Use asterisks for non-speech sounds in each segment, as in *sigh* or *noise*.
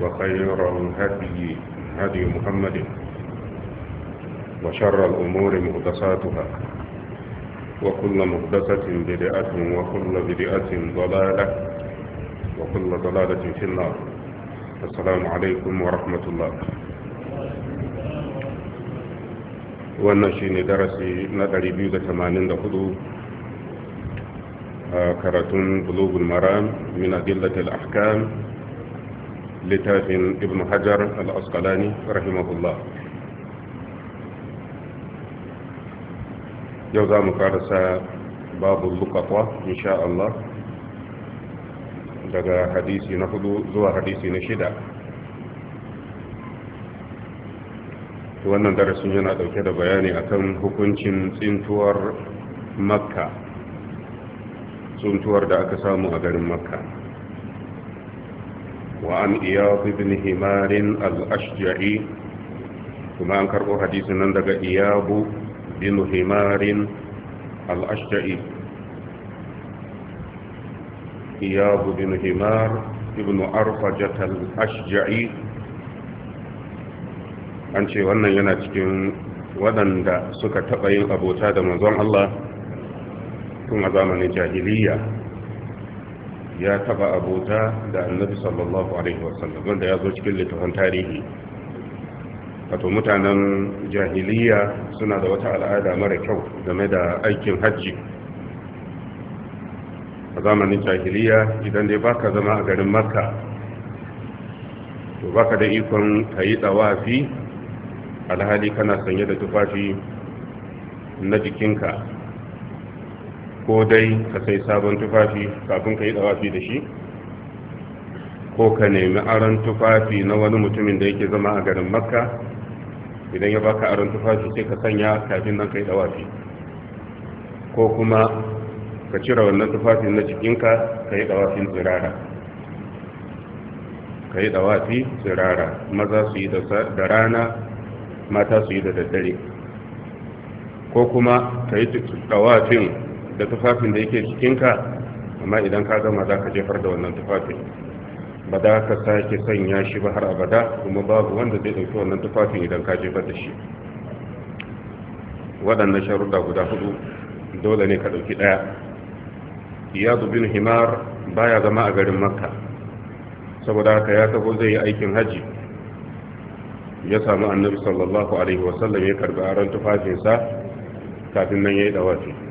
وخير الهدي هدي محمد وشر الأمور مهدساتها وكل مهدسة بدعة وكل بدعة ضلالة وكل ضلالة في النار السلام عليكم ورحمة الله wannan درسي ندري بيوغة ثمانين دخلو karatun آه، بلوغ المرام من أدلة الأحكام littafin ibn hajar al-asqalani rahimahullah yau za mu sa babu lukatwa insha Allah daga hadisi na hudu zuwa hadisi na shida wannan darasin yana ɗauke da bayani akan hukuncin tsintuwar makka tsintuwar da aka samu a garin makka وعن إياض بن همار الأشجعي كما أنكر حديث نندق إياض بن همار الأشجعي إياض بن همار ابن أرفجة الأشجعي an ce wannan yana cikin waɗanda suka taɓa yin abota da manzon Allah tun a zamanin jahiliya ya taba abota da annabi sallallahu alaihi wasallam wanda ya zo cikin littafin tarihi wato mutanen jahiliya suna da wata al'ada mara kyau game da aikin hajji a zamanin jahiliya idan dai baka zama a garin makka to baka da ikon ka yi tsawafi alhali kana sanye da tufafi na jikinka ko dai ka sai sabon tufafi kafin ka yi dawafi da shi ko ka nemi aron tufafi na wani mutumin da yake zama a garin makka idan ya baka aron tufafi sai ka sanya kafin nan ka yi dawafi ko kuma ka cire wannan tufafi na jikinka ka yi dawafin tsirara ka yi dawafi tsirara maza su yi da rana mata su yi da daddare ko kuma ka yi dawafin da tufafin da yake cikinka, amma idan ka gama za ka jefar da wannan tufafin ba za ka sake sanya shi ba har abada kuma babu wanda zai ɗauki wannan tufafin idan ka jefar da shi waɗannan sharuɗa guda hudu dole ne ka ɗauki ɗaya iyadu bin himar baya zama a garin makka saboda haka ya taho zai yi aikin haji ya samu annabi sallallahu alaihi wasallam ya karbi aron tufafinsa kafin nan ya yi dawafi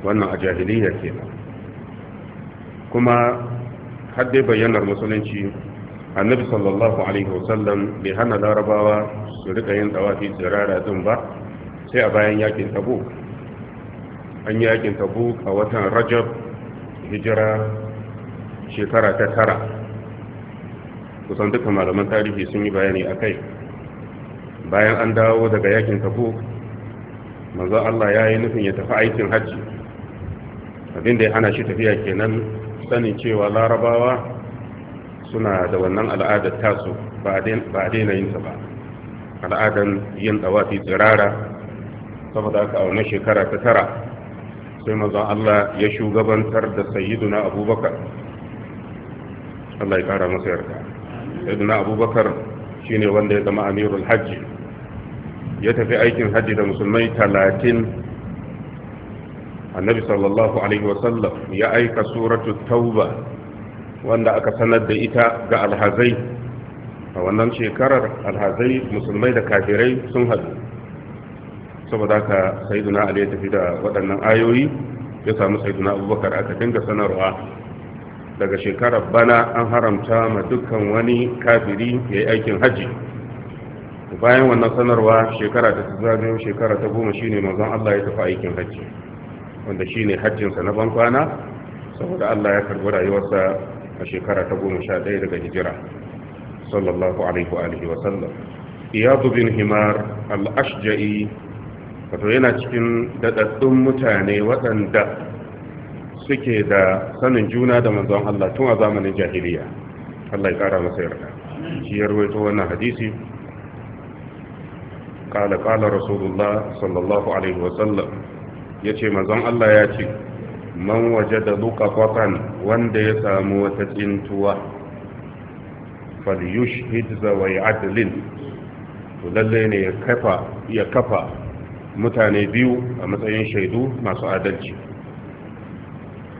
wannan a jahiliya kenan kuma haddai bayyanar musulunci annabi sallallahu alaihi wasallam bai hana larabawa su rika yin tsawafi tsirara din ba sai a bayan yakin tabuk an yakin a watan rajab hijira shekara ta tara kusan duka malaman tarihi sun yi bayani a kai bayan an dawo daga yakin tabu manzo Allah ya yi nufin ya tafi aikin hajji abin da ya hana shi tafiya kenan sanin cewa larabawa suna da wannan al'adar tasu ba a daina yinsa ba al'adar yin dawafi tsirara saboda aka auna shekara ta tara sai mazan Allah ya shugabantar da sayyiduna abubakar Allah ya kara masa yarda sayyiduna abubakar shine wanda ya zama amirul hajji ya tafi aikin hajji da musulmai talatin annabi sallallahu alaihi wasallam ya aika suratu tauba wanda aka sanar da ita ga alhazai a wannan shekarar alhazai musulmai da kafirai sun haɗu saboda ka sayyiduna ali ya tafi da waɗannan ayoyi ya samu sayyiduna abubakar aka dinga sanarwa daga shekarar bana an haramta ma dukkan wani kafiri ya yi aikin hajji bayan wannan sanarwa shekara ta zagayo shekara ta goma shine manzon Allah ya tafi aikin hajji wanda shine hajjinsa na bankwana saboda Allah ya karbi rayuwarsa a shekara ta goma sha ɗaya daga hijira sallallahu alaihi wa alihi wa sallam iyadu bin himar al-ashja'i wato yana cikin daɗaɗɗun mutane waɗanda suke da sanin juna da manzon Allah tun a zamanin jahiliya Allah ya kara masa yarda shi ya rawaito wannan hadisi قال قال رسول الله صلى الله عليه وسلم ya ce mazan Allah ya ce man waje da lukafatan wanda ya samu wata tsintuwa falyush hidza wa adlin to lalle ne ya kafa ya kafa mutane biyu a matsayin shaidu masu adalci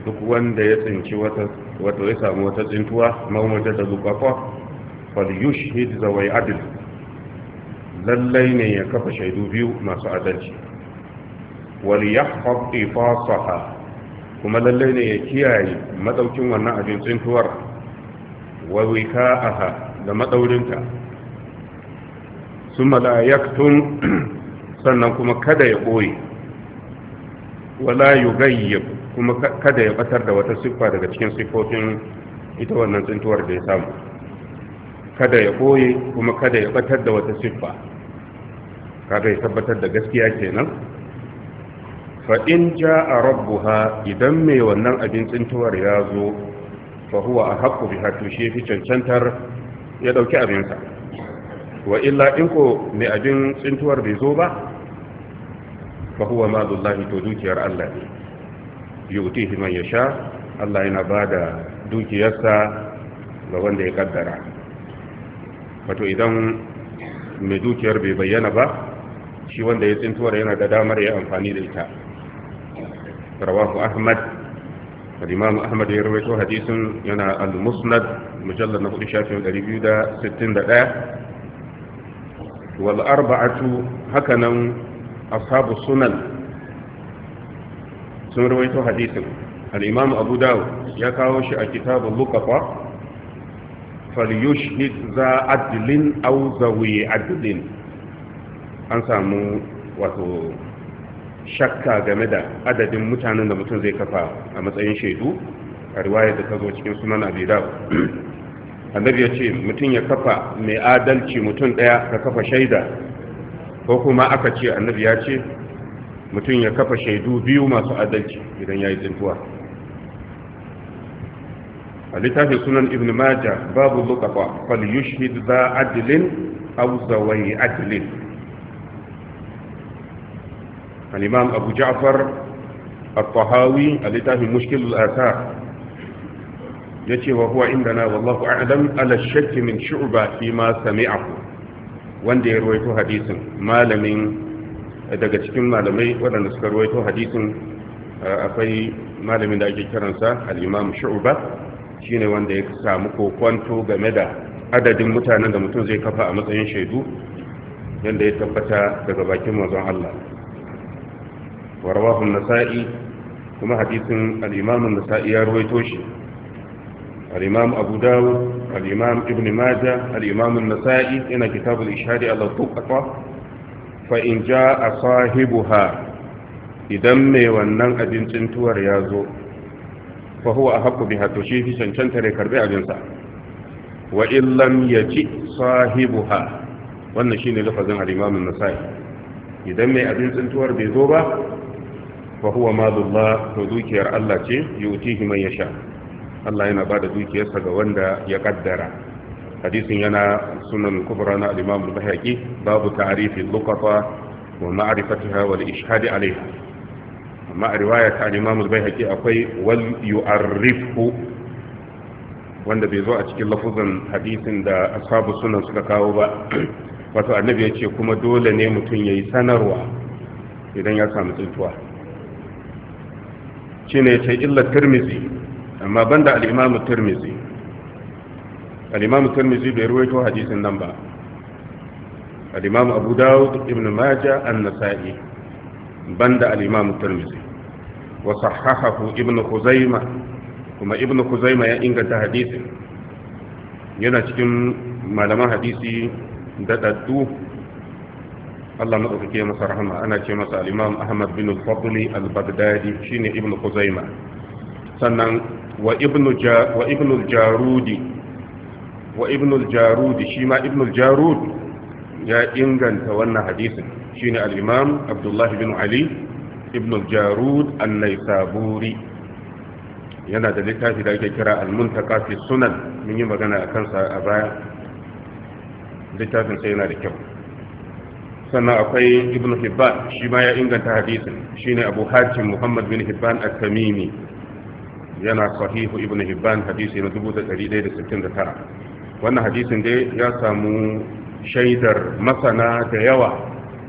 duk wanda ya tsinci wata wato ya samu wata tsintuwa man waje da lukafa falyush hidza wa adlin lallai ne ya kafa shaidu biyu masu adalci wani ya haɗe fasaha kuma lalle ne ya kiyaye maɗaukin wannan abin tsintuwar wa wika'aha da Madaurinta? su malayaktun *clears throat* sannan kuma kada ya ɓoye wala yugayyib kuma kada ya batar da wata siffa daga cikin siffofin ita wannan tsintuwar da ya samu kada ya ɓoye kuma kada ya batar da wata siffa kada ya tabbatar da gaskiya kenan fa'in ja a rabbuha idan mai wannan abin tsintuwar ya zo fa huwa a haƙƙo bi haƙƙo shi fi cancantar ya ɗauki abinsa wa illa in ko mai abin tsintuwar bai zo ba fa huwa ma zullahi to dukiyar Allah ne yu'tihi man sha, Allah yana ba da dukiyarsa ga wanda ya kaddara wato idan mai dukiyar bai bayyana ba shi wanda ya tsintuwar yana da damar ya amfani da ita rawahu ahmad al ahmad ya rawaito hadisin yana al-musnad mujallad na hudu shafin 261 wal arba'atu hakanan ashabu sunan sun rawaito hadisin al-imam abu dawud ya kawo shi a kitabul luqafa falyushhid za adlin adlin an samu wato shakka game da adadin mutanen da mutum zai kafa a matsayin shaidu a riwayar da ta zo cikin sunan abi *clears throat* annabi ya ce mutum ya kafa mai adalci mutum ɗaya ka kafa shaida ko kuma aka ce annabi ya ce mutum ya kafa shaidu biyu masu adalci idan ya yi tsintuwa a littafin sunan ibn majah babu lokafa Kwalliyushid za adilin aw adilin al-imam abu a littafin mushkil al-asar ya ce wa huwa indana wallahu a'lam ala shakki min shu'ba fi wanda ya ruwaito hadisin malamin daga cikin malamai waɗanda suka ruwaito hadisin akwai malamin da ake kiransa al-imam shu'ba shine wanda ya samu kokwanto game da adadin mutanen da mutum zai kafa a matsayin shaidu yanda ya tabbata daga bakin manzon Allah wa rawahu an-nasa'i kuma hadisin al-imam an ya rawaito shi al-imam abu dawud al ibn majah al-imam an-nasa'i yana kitab al-ishhad ala tuqqa fa in jaa sahibuha idan mai wannan abincin tuwar ya zo fa huwa ahqqu biha to shi fi cancanta ne karbi abinsa wa illam yaji sahibuha wannan shine lafazin al-imam an-nasa'i idan mai abincin tuwar bai zo ba fa mazulla malullah to dukiyar Allah ce yutihi man sha. Allah yana bada dukiyarsa ga wanda ya kaddara hadisin yana sunan kubra na al-imam babu ta'rif al wa ma'rifatiha wal ishhad alayha amma a riwaya ta al-imam akwai wal yu'arrifu wanda bai zo a cikin lafuzan hadisin da ashabu sunan suka kawo ba wato annabi ya ce kuma dole ne mutum ya yi sanarwa idan ya samu tsintuwa Shi ne ce illa tirmizi amma banda al-imamu tirmizi al tirmizi bai ruwaito hadisin nan ba Alimamu abu dawud ibn majah an-nasa'i banda Alimamu imamu tirmizi wa sahahahu ibn khuzaima kuma ibn khuzaima ya inganta hadisin yana cikin malaman hadisi da daddu Allah madaukake masa rahama ana ce masa al-Imam Ahmad bin al-Fadl al-Baghdadi shine Ibn Khuzaimah sannan wa Ibn wa Ibn al-Jarudi wa Ibn al-Jarudi shi ma Ibn al-Jarud ya inganta wannan hadisin shine al-Imam Abdullah bin Ali Ibn al-Jarud an-Naisaburi yana da littafi da ake kira al-Muntaka fi Sunan mun yi magana akan sa a baya littafin sai yana da kyau sannan akwai ibn hibban shi ma ya inganta hadisin shine abu hatim muhammad bin hibban at-tamimi yana sahihu ibn hibban hadisi na 1169 wannan hadisin dai ya samu shaidar masana da yawa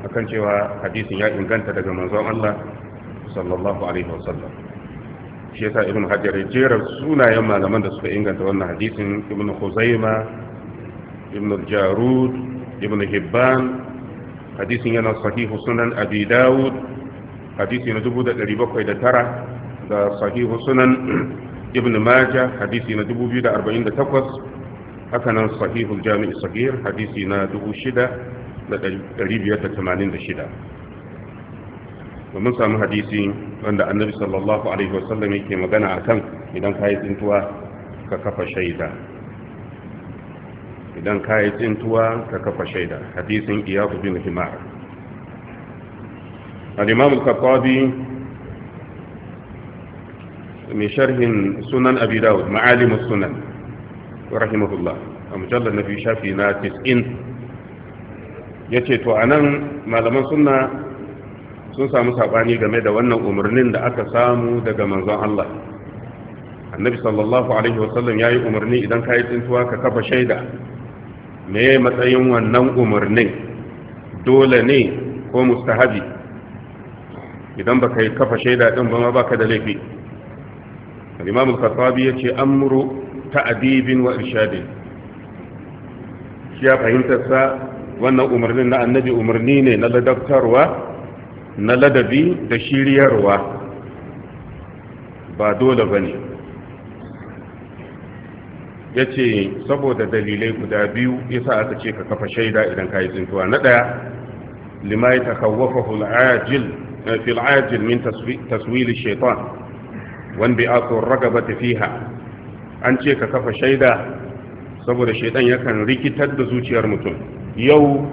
akan cewa hadisin ya inganta daga manzon Allah sallallahu alaihi wasallam shi yasa ibn hajar ya jera sunayen malaman da suka inganta wannan hadisin ibn khuzaima ibn jarud ibn hibban hadisin yana sahihu sunan abi dawud hadisi na 1709 da sahihu sunan *clears throat* ibn majah hadisi na 2048 haka nan sahihu jami'i sahih hadisi na 6586 domin samu hadisi wanda annabi sallallahu alaihi wasallam yake magana akan idan ka yi tsintuwa ka kafa shaida idan ka yi tsintuwa ka kafa shaida hadisin iyaku bin himar al-imam al mai sharhin sunan abi dawud ma'alim sunan rahimahullah a mujallar na fi shafi na Ya ce to a nan malaman sunna sun samu saɓani game da wannan umarnin da aka samu daga manzon Allah annabi sallallahu alaihi wasallam ya yi umarni idan ka yi tsintuwa ka kafa shaida me matsayin wannan umarnin dole ne ko mustahabi idan baka yi kafa shaida ɗin ba ma baka da laifi al-imam al-khattabi an amru adibin wa irshadin shi ya fahimtar wannan umarnin na annabi umarni ne na ladabtarwa na ladabi da shiryarwa ba dole ba ne. ya ce saboda dalilai guda biyu ya sa aka ce ka kafa shaida idan ka yi tsintuwa na ɗaya lima ta takawwafa eh, fil ajil min taswili shaitan wanda bi aku ragaba fiha an ce ka kafa shaida saboda shaitan yakan rikitar da zuciyar mutum yau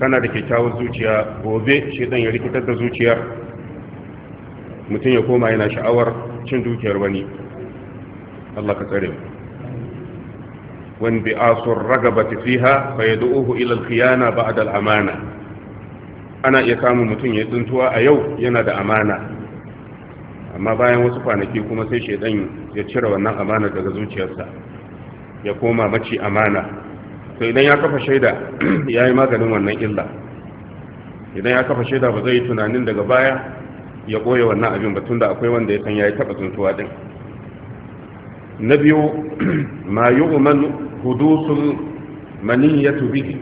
kana da kyakkyawar zuciya gobe shaitan ya rikitar da zuciyar mutum ya koma yana sha'awar cin dukiyar wani Allah ka tsare mu وانبعاث الرغبة فيها فيدعوه إلى الخيانة بعد الأمانة أنا يكام متن يتنتوا أيو ينادى أمانة amma bayan wasu kwanaki kuma sai shaidan ya cire wannan amana daga zuciyarsa ya koma mace amana to idan ya kafa shaida ya yi maganin wannan illa idan ya kafa shaida ba zai yi tunanin daga baya ya ɓoye wannan abin ba tunda akwai wanda ya san ya yi taɓa tuntuwa ɗin na biyu ma yu'man hudusul maniyatu bihi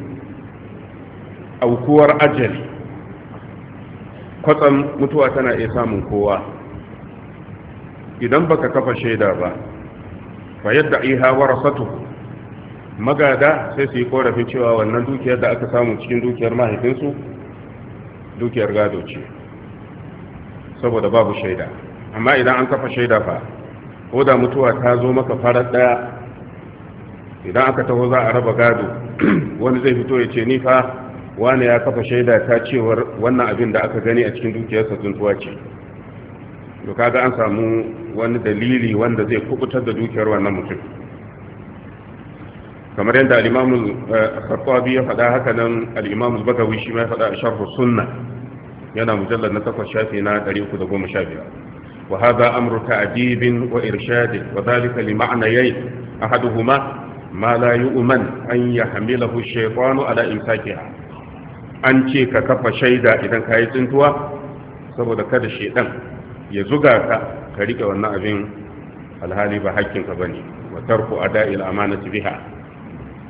aukuwar ajali kwatsam mutuwa tana iya samun kowa idan baka kafa shaida ba fa yadda hawar warasatu magada sai su yi korafin cewa wannan dukiyar da aka samu cikin dukiyar mahaifinsu dukiyar gado ce saboda babu shaida amma idan an kafa shaida fa ko da mutuwa ta zo maka farar daya idan aka taho za a raba gado *clears throat* wani zai fito ya ce ni fa wani ya kafa shaida ta cewa wannan abin da aka gani a cikin dukiyarsa tuntuwa ce to kaga an samu wani dalili wanda zai kubutar da dukiyar wannan mutum kamar yadda al'imamu eh, khattabi ya faɗa haka nan al'imamu bagawi shi ma ya faɗa a sharhu sunna yana mujallar na takwas shafi na 315 وهذا أمر تأديب وإرشاد وذلك لمعنيين أحدهما ما لا يؤمن أن يحمله الشيطان على إمساكها an ce ka kafa shaida idan ka yi tsintuwa saboda kada shaidan ya zuga ka ka rike wannan abin alhali ba hakkinka ba ne wa tarku ada'il amanati biha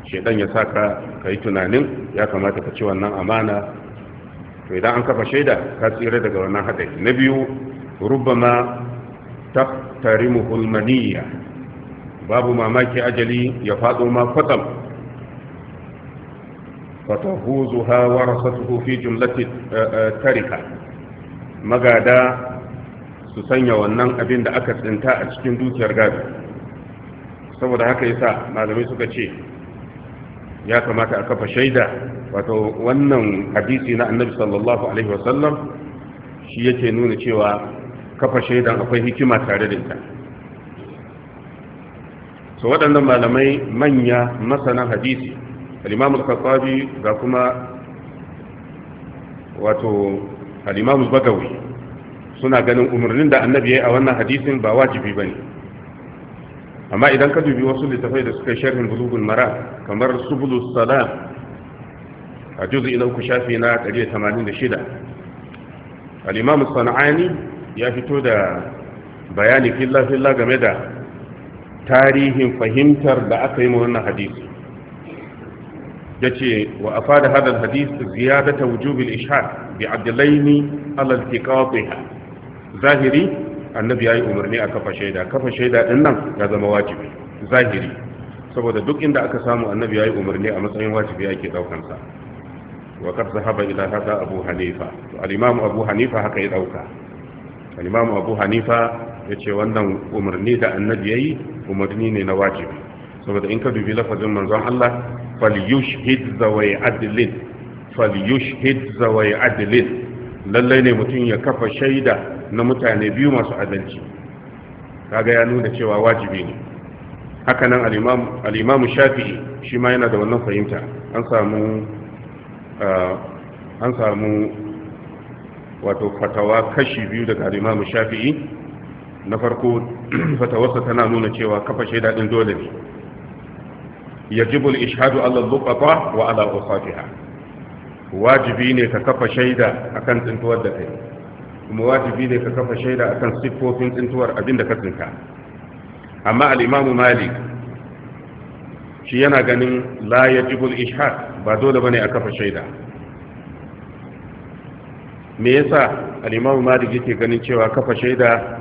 shaidan ya saka ka yi tunanin ya kamata ka ci wannan amana to idan an kafa shaida ka tsira daga wannan hadari na biyu ربما تقترمه المنية باب ما ماكي أجلي يفاد ما فتم فتفوزها ورثته في جملة تركة مغادا سسنيا ونن أبين دا أكس انتاء cikin دوتي أرغاد saboda haka yasa malamai suka ce ya kamata a kafa shaida wato wannan hadisi na annabi sallallahu alaihi wasallam shi yake nuna cewa kafa shaidan akwai hikima tare da ita so waɗannan malamai manya masana hadisi al'imamul kakwabi ga kuma wato al'imamul bagawi suna ganin umarnin da annabi ya yi a wannan hadisin ba wajibi ba ne amma idan ka dubi wasu littafai da suka sharhin bulugun mara kamar subulus salam a juzi na uku shafi na 186 al'imamul sana'ani ya fito da bayani filla-filla game da tarihin fahimtar da aka yi wannan hadisi ya ce wa a fada hadar hadisi ziyadata wujubin ishaq bi abdullaini alal tiqatiha zahiri annabi ya yi umarni a kafa shaida kafa shaida din nan ya zama wajibi zahiri saboda duk inda aka samu annabi ya yi umarni a matsayin wajibi ake daukan sa wa qad zahaba ila hada abu hanifa to alimamu abu hanifa haka ya dauka al abu hanifa ya ce wannan umarni da annabi ya yi umarni ne na wajibi saboda in ka dubi lafazin manzon Allah falyushhid zawai adlin falyushhid zawai adlin lallai ne mutum ya kafa shaida na mutane biyu masu adalci kaga ya nuna cewa wajibi ne hakanan al-imam al-imam shafi'i shi ma yana da wannan fahimta an samu uh, an samu wato fatawa kashi biyu daga alimamu shafi'i na farko *clears throat* fatawarsa tana nuna cewa kafa shaida din dole ne yajibu al-ishhadu ala al-buqata wa ala usatiha wajibi ne ka kafa shaida akan tsintuwar da kai kuma wajibi ne ka kafa shaida akan siffofin tsintuwar abinda ka tsinka amma al-imamu malik shi yana ganin la yajibu al-ishhad ba dole bane a kafa shaida me yasa al-imamu malik yake ganin cewa kafa shaida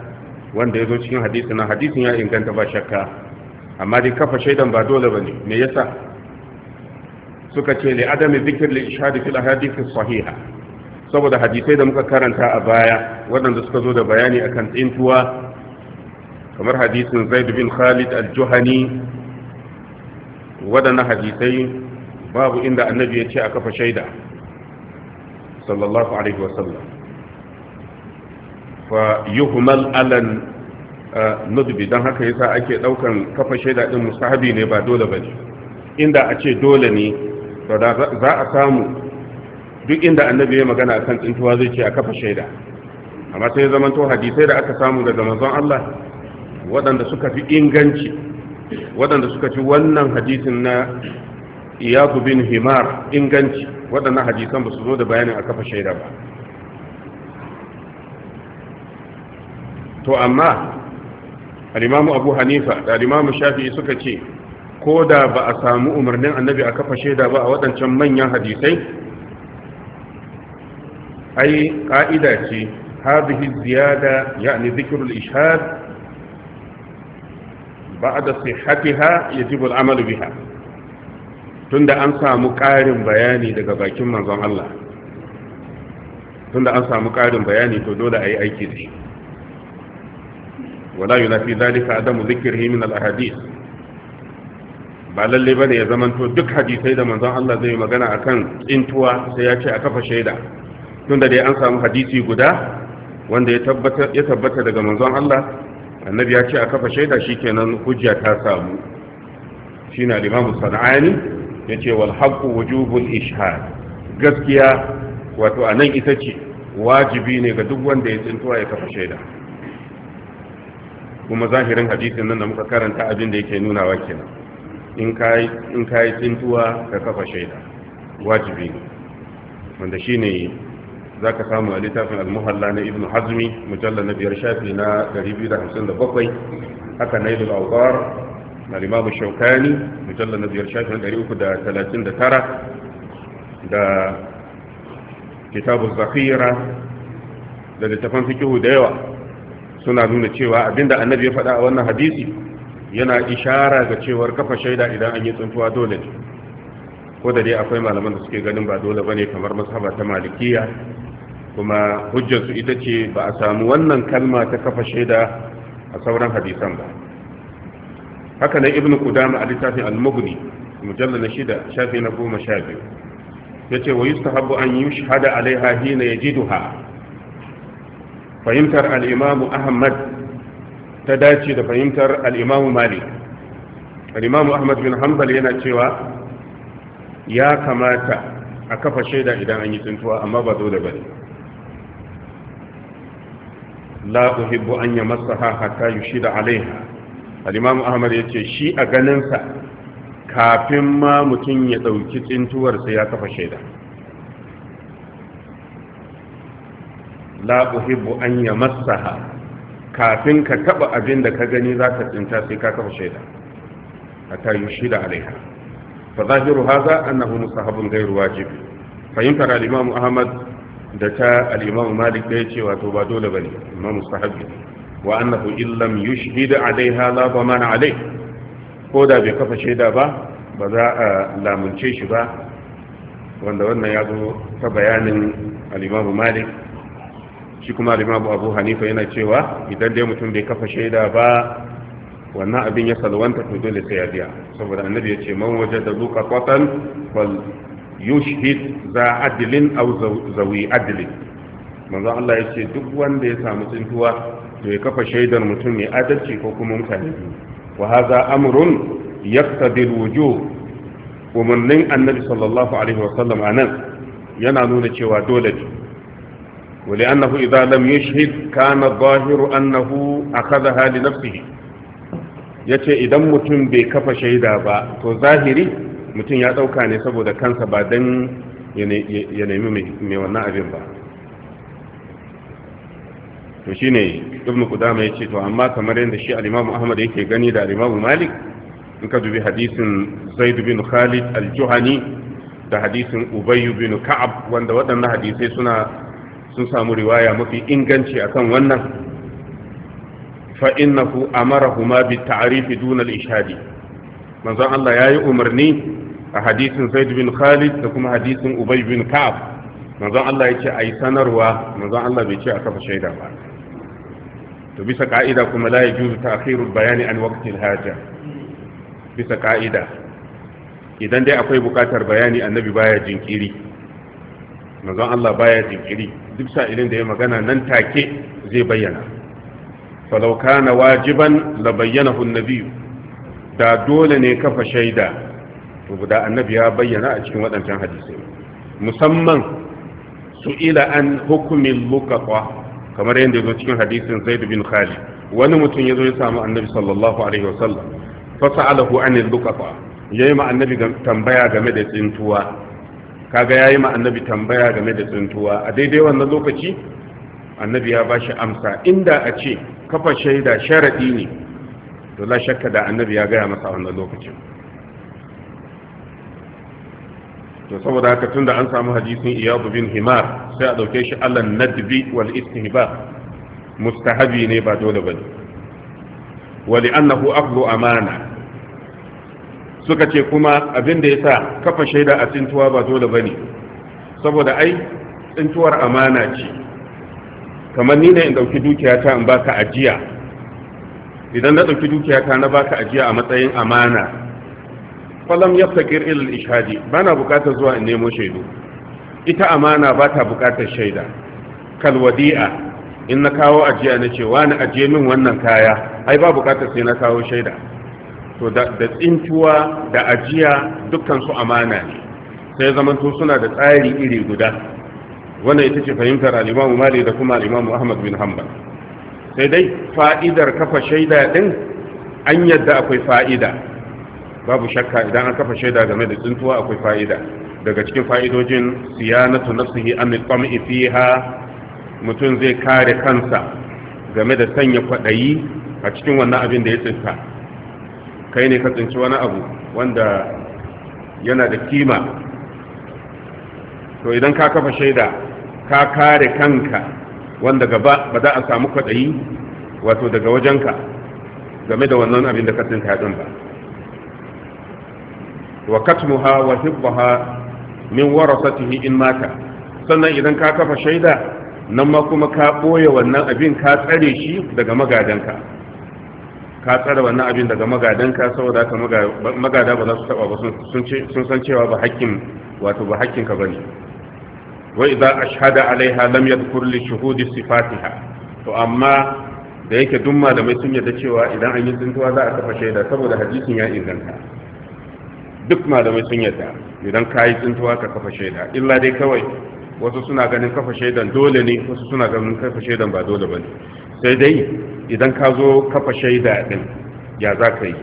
wanda ya cikin hadisi na hadisin ya inganta ba shakka amma dai kafa shaidan ba dole bane me yasa suka ce li adami dhikr li ishadi fil ahadith sahiha saboda hadisai da muka karanta a baya waɗanda suka zo da bayani akan tsintuwa kamar hadisin zaid bin khalid al-juhani waɗannan hadisai babu inda annabi ya ce a kafa shaida صلى الله عليه وسلم فيهمل على nudbi don haka yasa ake daukan kafa shaida din mustahabi ne ba dole bane inda a ce dole ne to da za a samu duk inda annabi ya magana akan tsintuwa zai ce a kafa shaida amma sai zaman to hadisai da aka samu daga manzon Allah waɗanda suka fi inganci waɗanda suka fi wannan hadisin na iyaku bin himar inganci waɗannan hadisan ba su zo da bayanin a kafa shaida ba to amma al'imamu abu hanifa da al'imamu shafi'i suka ce ko da ba a samu umarnin annabi a kafa shaida ba a waɗancan manyan hadisai ai ƙa'ida ce hadhihi ziyada ya'ni dhikrul ishhad ba'da sihhatiha yajibu al-amalu biha tunda an samu ƙarin bayani daga bakin manzon Allah tunda an samu ƙarin bayani to dole a yi aiki da wala yunafi zalika adamu zikirhi min al-ahadith ba lalle ne ya zamanto duk hadisai da manzon Allah zai magana akan tsintuwa sai ya ce a kafa shaida tunda dai an samu hadisi guda wanda ya tabbata daga manzon Allah annabi ya ce a kafa shaida shikenan hujja ta samu shine al-Imam Sana'ani ya ce wal haqqu wujubul ishhad gaskiya wato anan ita ce wajibi ne ga duk wanda ya tsintuwa ya kafa shaida kuma zahirin hadisin nan da muka karanta abin da yake nunawa kenan in kai in kai tsintuwa ka kafa shaida wajibi ne wanda shine za ka samu a littafin almuhalla na Ibnu hazmi mujallar na biyar shafi na 257 haka na nailul awqar na limamu shaukani mujallar na biyar shafin 339 da kitabu zafira da littafan fikihu da yawa suna nuna cewa abinda annabi ya faɗa a wannan hadisi yana ishara ga cewar kafa shaida idan an yi tsuntuwa dole ne ko da dai akwai malaman da suke ganin ba dole bane kamar masaba ta malikiya kuma hujjarsu ita ce ba a samu wannan kalma ta kafa shaida a sauran hadisan ba haka nan ibnu qudama a littafin al-mughni mujallal na shida shafi na goma sha biyu yace wa yustahabbu an yushhada alaiha hina yajiduha fahimtar al-imam ahmad ta dace da fahimtar al-imam malik al-imam ahmad bin hanbal yana cewa ya kamata a kafa shaida idan an yi tsintuwa amma ba dole bane la uhibbu an yamassaha hatta yushida alaiha al'imamu ahmad ya ce shi a ganinsa kafin ma mutum ya ɗauki tsintuwarsa ya kafa shaida la an ya masaha kafin ka taɓa abin da ka gani za ka tsinta sai ka kafa shaida a ta yi shida alaiha fa zahiru haza annahu mustahabun gairu wajib fahimtar al'imamu ahmad da ta al'imamu malik ɗaya ce wato ba dole ba ne amma sahabi. ne wa annahu illam yushhid alaiha la dhamana alai ko da bai kafa shaida ba ba za a lamunce shi ba wanda wannan ya zo ta bayanin al shi kuma al Abu Hanifa yana cewa idan dai mutum bai kafa shaida ba wannan abin ya salwanta to dole sai ya biya saboda annabi ya ce man wajada zuqa qatan fal yushhid za adlin aw zawi adlin manzo Allah ya ce duk wanda ya samu tsintuwa to ya kafa shaidar mutum ne adalci ko kuma mutane biyu wa haza amrun yaqtadi umarnin annabi sallallahu alaihi wa sallam anan yana nuna cewa dole ne wali annahu idza lam yashhid kana zahiru annahu akhadha li nafsihi yace idan mutum bai kafa shaida ba to zahiri mutum ya dauka ne saboda kansa ba dan ya nemi mai wannan abin ba to shine ibn qudama yace to amma kamar yadda shi al-imam ahmad yake gani da al-imam malik in ka dubi hadisin zaid bin khalid al-juhani da hadisin ubay bin ka'ab wanda waɗannan hadisai suna sun samu riwaya mafi inganci akan wannan fa innahu amarahuma bi ta'rif dun al-ishadi manzon Allah yayi umarni a hadisin zaid bin khalid da kuma hadisin ubay bin ka'ab manzon Allah yace ai sanarwa manzon Allah bai ce a kafa shaida ba to bisa ka'ida kuma la yajuzu ta'khirul bayani an waqtil haja bisa ka'ida idan dai akwai bukatar bayani annabi baya jinkiri manzon Allah baya jinkiri duk sa'ilin da ya magana nan take zai bayyana falau kana wajiban la bayyanahu an da dole ne kafa shaida to da annabi ya bayyana a cikin waɗancan hadisai musamman ila an hukumin lukaqa kamar yadda ya zo cikin hadisin zaid bin khalid wani mutum ya zo ya samu annabi sallallahu alaihi wasallam fa sa'alahu an luqafa yayi ma annabi tambaya game da tsintuwa kaga yayi ma annabi tambaya game da tsintuwa a daidai wannan lokaci annabi ya bashi amsa inda a ce kafa shaida sharadi ne to la shakka da annabi ya gaya masa wannan lokacin to saboda haka tunda an samu hadisin iyadu bin himar sai a dauke shi alan nadbi wal istihba mustahabi ne ba dole ba ne. wali annahu afdu amana suka ce kuma abin da yasa kafa shaida a tsintuwa ba dole bane saboda ai tsintuwar amana ce kamar ni ne in dauki dukiyata in baka ajiya idan na dauki dukiyata na baka ajiya a matsayin amana falam fakir ilil ishadi bana bukatar zuwa in nemo shaidu ita amana ba ta bukatar shaida kalwadi'a in na kawo ajiya na cewa na ajiye min wannan kaya ai ba bukatar sai na kawo shaida to da tsintuwa da ajiya dukkan su amana ne sai zamanto suna da tsari iri guda wannan ita ce fahimtar alimamu mali da kuma alimamu Ahmad bin Hanbal sai dai fa'idar kafa shaida din an yadda akwai fa'ida babu shakka idan an kafa shaida game da tsintuwa akwai fa'ida daga cikin fa'idojin siyanatu nafsihi an qam'i fiha mutum zai kare kansa game da sanya kwadayi a cikin wannan abin da ya tsinta kai ne ka tsinci wani abu wanda yana da kima to idan ka kafa shaida ka kare kanka wanda gaba ba za a samu kwadayi wato daga wajenka game da wannan abin da ka tsinta din ba wa katmuha wa hibbaha min warasatihi in mata sannan idan ka kafa shaida nan ma kuma ka ɓoye wannan abin ka tsare shi daga magadanka ka tsare wannan abin daga magadanka saboda ka magada ba za su taba ba sun san cewa ba hakkin wato ba hakkin ka bane wa idza ashhada alaiha lam yadhkur li shuhudi sifatiha to amma da yake da malamai sun yarda cewa idan an yi tsintuwa za a kafa shaida saboda hadisin ya inganta duk malamai sun yadda idan ka yi tsintuwa ka kafa shaida illa dai kawai wasu suna ganin kafa shaidan dole ne wasu suna ganin kafa shaidan ba dole ba ne sai dai idan ka zo kafa shaida din ya za ka yi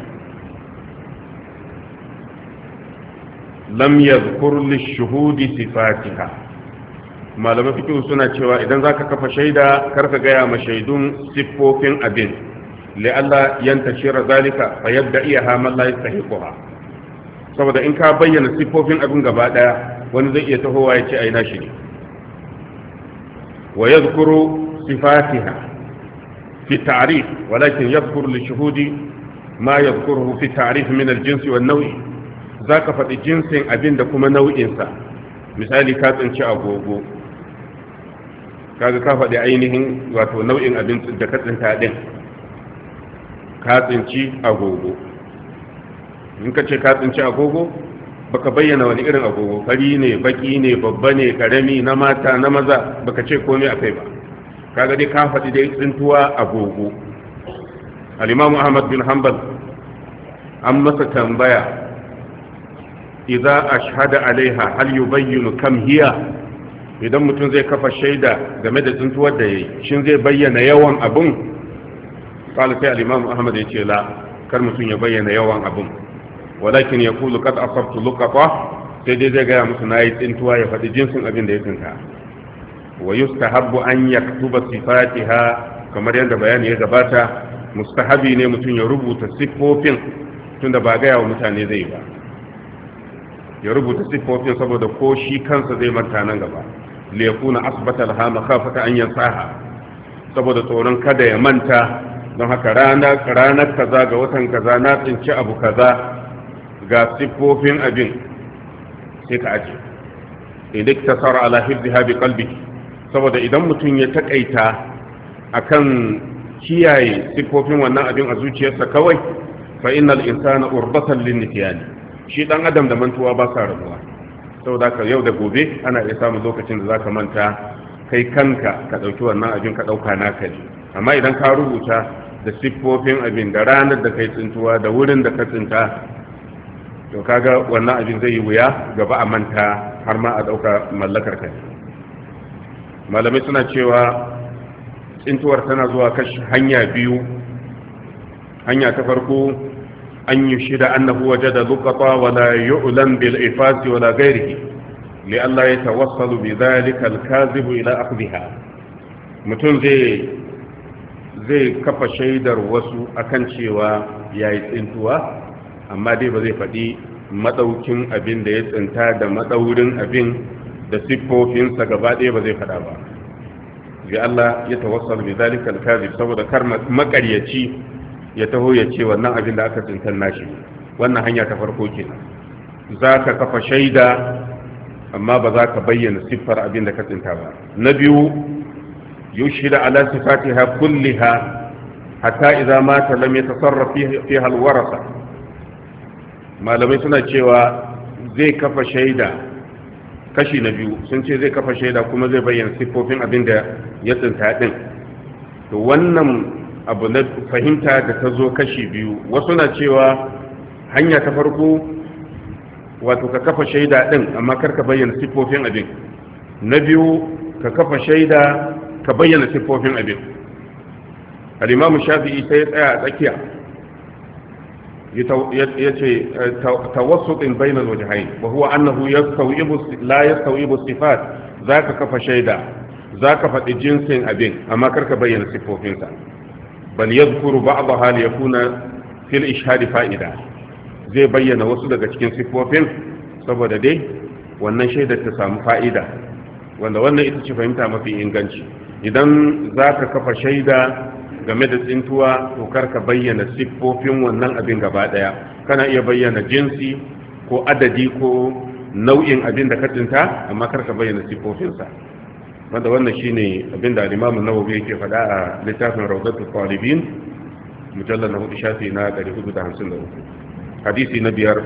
lam yadhkur Shuhudi sifatiha Malamai fikin suna cewa idan za ka kafa shaida karka gaya ma shaidun siffofin abin la'alla yantashira zalika fa yadda iya hamalla yastahiquha saboda in ka bayyana siffofin abin gaba daya wani zai iya tahowa ya ce ai nashi ne wa yadhkuru sifatiha fi ta'rif walakin yadhkuru li shuhudi ma yadhkuruhu fi ta'rif min al-jinsi wan naw'i zaka faɗi jinsin abin da kuma nau'insa misali ka tsinci agogo kaga ka faɗi ainihin wato nau'in abin da ka tsinta din ka tsinci agogo in ka ce ka tsinci agogo baka bayyana wani irin agogo fari ne baki ne babba ne karami na mata na maza baka ce komai a kai ba kaga dai ka faɗi dai tsintuwa agogo al-imamu ahmad bin hanbal an masa tambaya idza ashhada alaiha hal yubayyinu kam hiya idan mutum zai kafa shaida game da tsintuwar da yayi shin zai bayyana yawan abun qala sai al-imamu ahmad yace la kar mutum ya bayyana yawan abun walakin ya kulu kad asabtu luqata sai dai zai gaya musu nayi tsintuwa ya faɗi jinsin abin da ya tsinta wa yustahabbu an yaktuba sifatiha kamar yadda bayani ya gabata mustahabi ne mutum ya rubuta siffofin tunda ba gaya wa mutane zai ba ya rubuta sifofin saboda ko shi kansa zai manta nan gaba yakuna asbata laha makhafata an yansaha saboda tsoron kada ya manta don haka ranar kaza ga watan kaza na tsinci abu kaza ga siffofin abin sai ka aje idan ta tsara ala hifziha bi qalbi saboda idan mutum ya takaita akan kiyaye siffofin wannan abin a zuciyarsa kawai fa innal insana urbatan lin nisyani shi dan adam da mantuwa ba sa rabuwa saboda ka yau da gobe ana iya samun lokacin da zaka manta kai kanka ka dauki wannan abin ka dauka naka ne amma idan ka rubuta da siffofin abin da ranar da kai tsintuwa da wurin da ka tsinta to kaga wannan abin zai yi wuya gaba a manta har ma a ɗauka mallakar kai malamai suna cewa tsintuwar tana zuwa kashi hanya biyu hanya ta farko an yi shida annahu waje da lukata wala yu'lan bil ifasi wala gairihi li Allah ya tawassalu bi zalika al kazibu ila akhdhiha mutum zai zai kafa shaidar wasu akan cewa yayi tsintuwa amma dai ba zai faɗi maɗaukin abin da ya tsinta da matsaurin abin da siffofinsa gaba ɗaya ba zai faɗa ba ga Allah ya tawassal bi zalikal kadhib saboda kar makaryaci ya taho ya ce wannan abin da aka tsinta nashi wannan hanya ta farko kenan zaka kafa shaida amma ba za ka bayyana siffar abin da ka tsinta ba na biyu yushhida ala sifatiha kulliha hatta idza mata lam yatasarraf fiha alwarasa malamai suna cewa zai kafa shaida kashi na biyu sun ce zai kafa shaida kuma zai bayyana siffofin abin da ya tsinta din to wannan abu na fahimta da ta zo kashi biyu wasu na cewa hanya ta farko wato ka kafa shaida din amma kar ka bayyana siffofin abin na biyu ka kafa shaida ka bayyana siffofin abin al imam shafi'i sai ya tsaya a tsakiya yace tawassutin bainal wajhain wa huwa annahu yastawibu la yastawibu sifat zaka kafa shaida zaka faɗi jinsin abin amma karka bayyana sifofinsa bal yadhkuru ba'daha li yakuna fil ishhad fa'ida zai bayyana wasu daga cikin sifofin saboda dai wannan shaida ta samu fa'ida wanda wannan ita ce fahimta mafi inganci idan zaka kafa shaida game da tsintuwa to karka bayyana siffofin wannan abin gaba daya kana iya bayyana jinsi ko adadi ko nau'in abin da ka tsinta amma karka bayyana siffofinsa wanda wannan shine abin da al-Imam nawawi yake faɗa a littafin Rawdatul Talibin mujallal na hudu shafi na 453 hadisi na biyar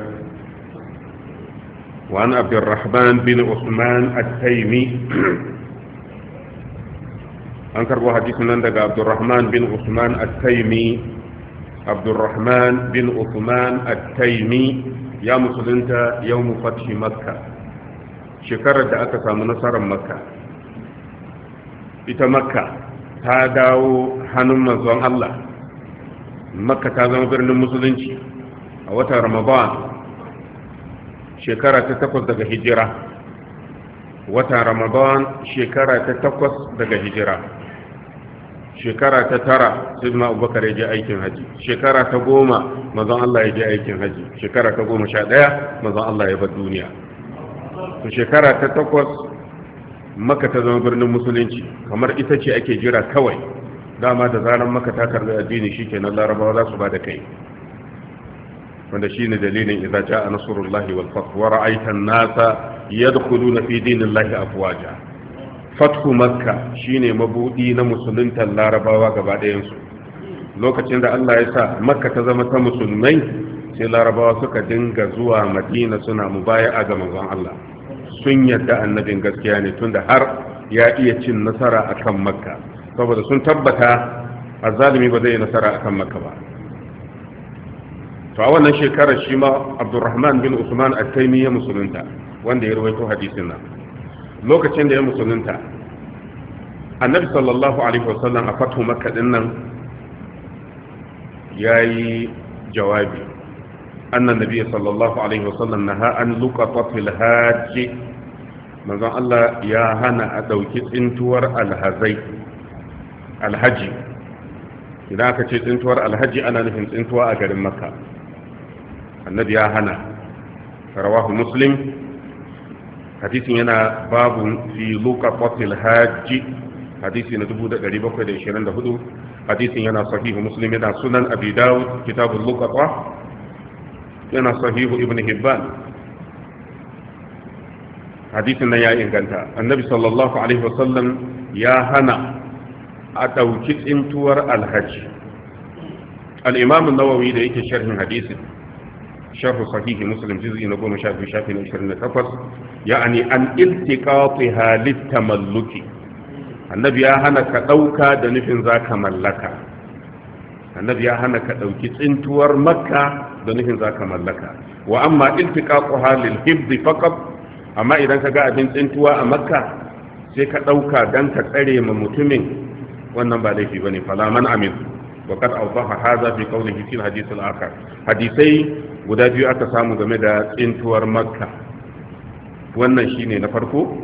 wa an Abdurrahman bin Usman at-Taymi an karbo hadisin nan daga abdurrahman bin usman at-taimi abdurrahman bin usman at-taimi ya musulunta yawmu fathi makka shekarar da aka samu nasarar makka ita makka ta dawo hannun mazon Allah makka ta zama birnin musulunci a watan ramadan shekara ta takwas daga hijira watan ramadan shekara ta takwas daga hijira shekara ta tara sai na abubakar ya je aikin haji shekara ta goma mazan Allah ya je aikin haji shekara ta goma sha ɗaya mazan Allah ya bar duniya to shekara ta takwas maka ta zama birnin musulunci kamar ita ce ake jira kawai dama da zaran maka ta karbi addini shikenan larabawa za su ba da kai wanda shine dalilin idza jaa nasrullahi wal fath wa ra'aita an-nasa yadkhuluna fi dinillahi afwaja fathu makka shine mabuɗi na musulunta larabawa gaba ɗayansu lokacin da allah ya sa makka ta zama ta musulmai sai larabawa suka dinga zuwa madina suna mubaya a ga manzon allah sun yadda annabin gaskiya ne tunda har ya iya cin nasara akan makka saboda sun tabbata a zalimi ba zai yi nasara akan makka ba to a wannan shekarar shi ma abdurrahman bin usman at taimiyar ya musulunta wanda ya rawaito hadisin nan lokacin da ya musulunta annabi sallallahu alaihi wasallam a fatu makka din nan yayi jawabi annan nabi sallallahu alaihi wasallam naha an luqatatil hajj manzon Allah ya hana a dauki tsintuwar alhazai alhaji idan aka ce tsintuwar alhaji ana nufin tsintuwa a garin makka annabi ya hana rawahu muslim hadisin yana babu fi luka qatil haji hadisi na 1724 hadisin yana sahihu muslim yana sunan abi dawud kitabul luqata yana sahihu ibn hibban hadisin nan ya inganta annabi sallallahu alaihi wasallam ya hana a ɗauki tsintuwar alhaji al'imamun nawawi da yake sharhin hadisin sharh sahih muslim juz'i na 12 shafi na 28 ya'ani an iltiqatiha litamalluki annabi ya hana ka dauka da nufin zaka mallaka annabi ya hana ka dauki tsintuwar makka da nufin zaka mallaka wa amma iltiqaquha lil hibd faqat amma idan ka ga abin tsintuwa a makka sai ka ɗauka dan ka tsare ma mutumin wannan ba laifi bane fala man amin وقد أوضح هذا في قوله في الحديث الآخر hadisai. guda biyu aka samu game da tsintuwar makka wannan shine na farko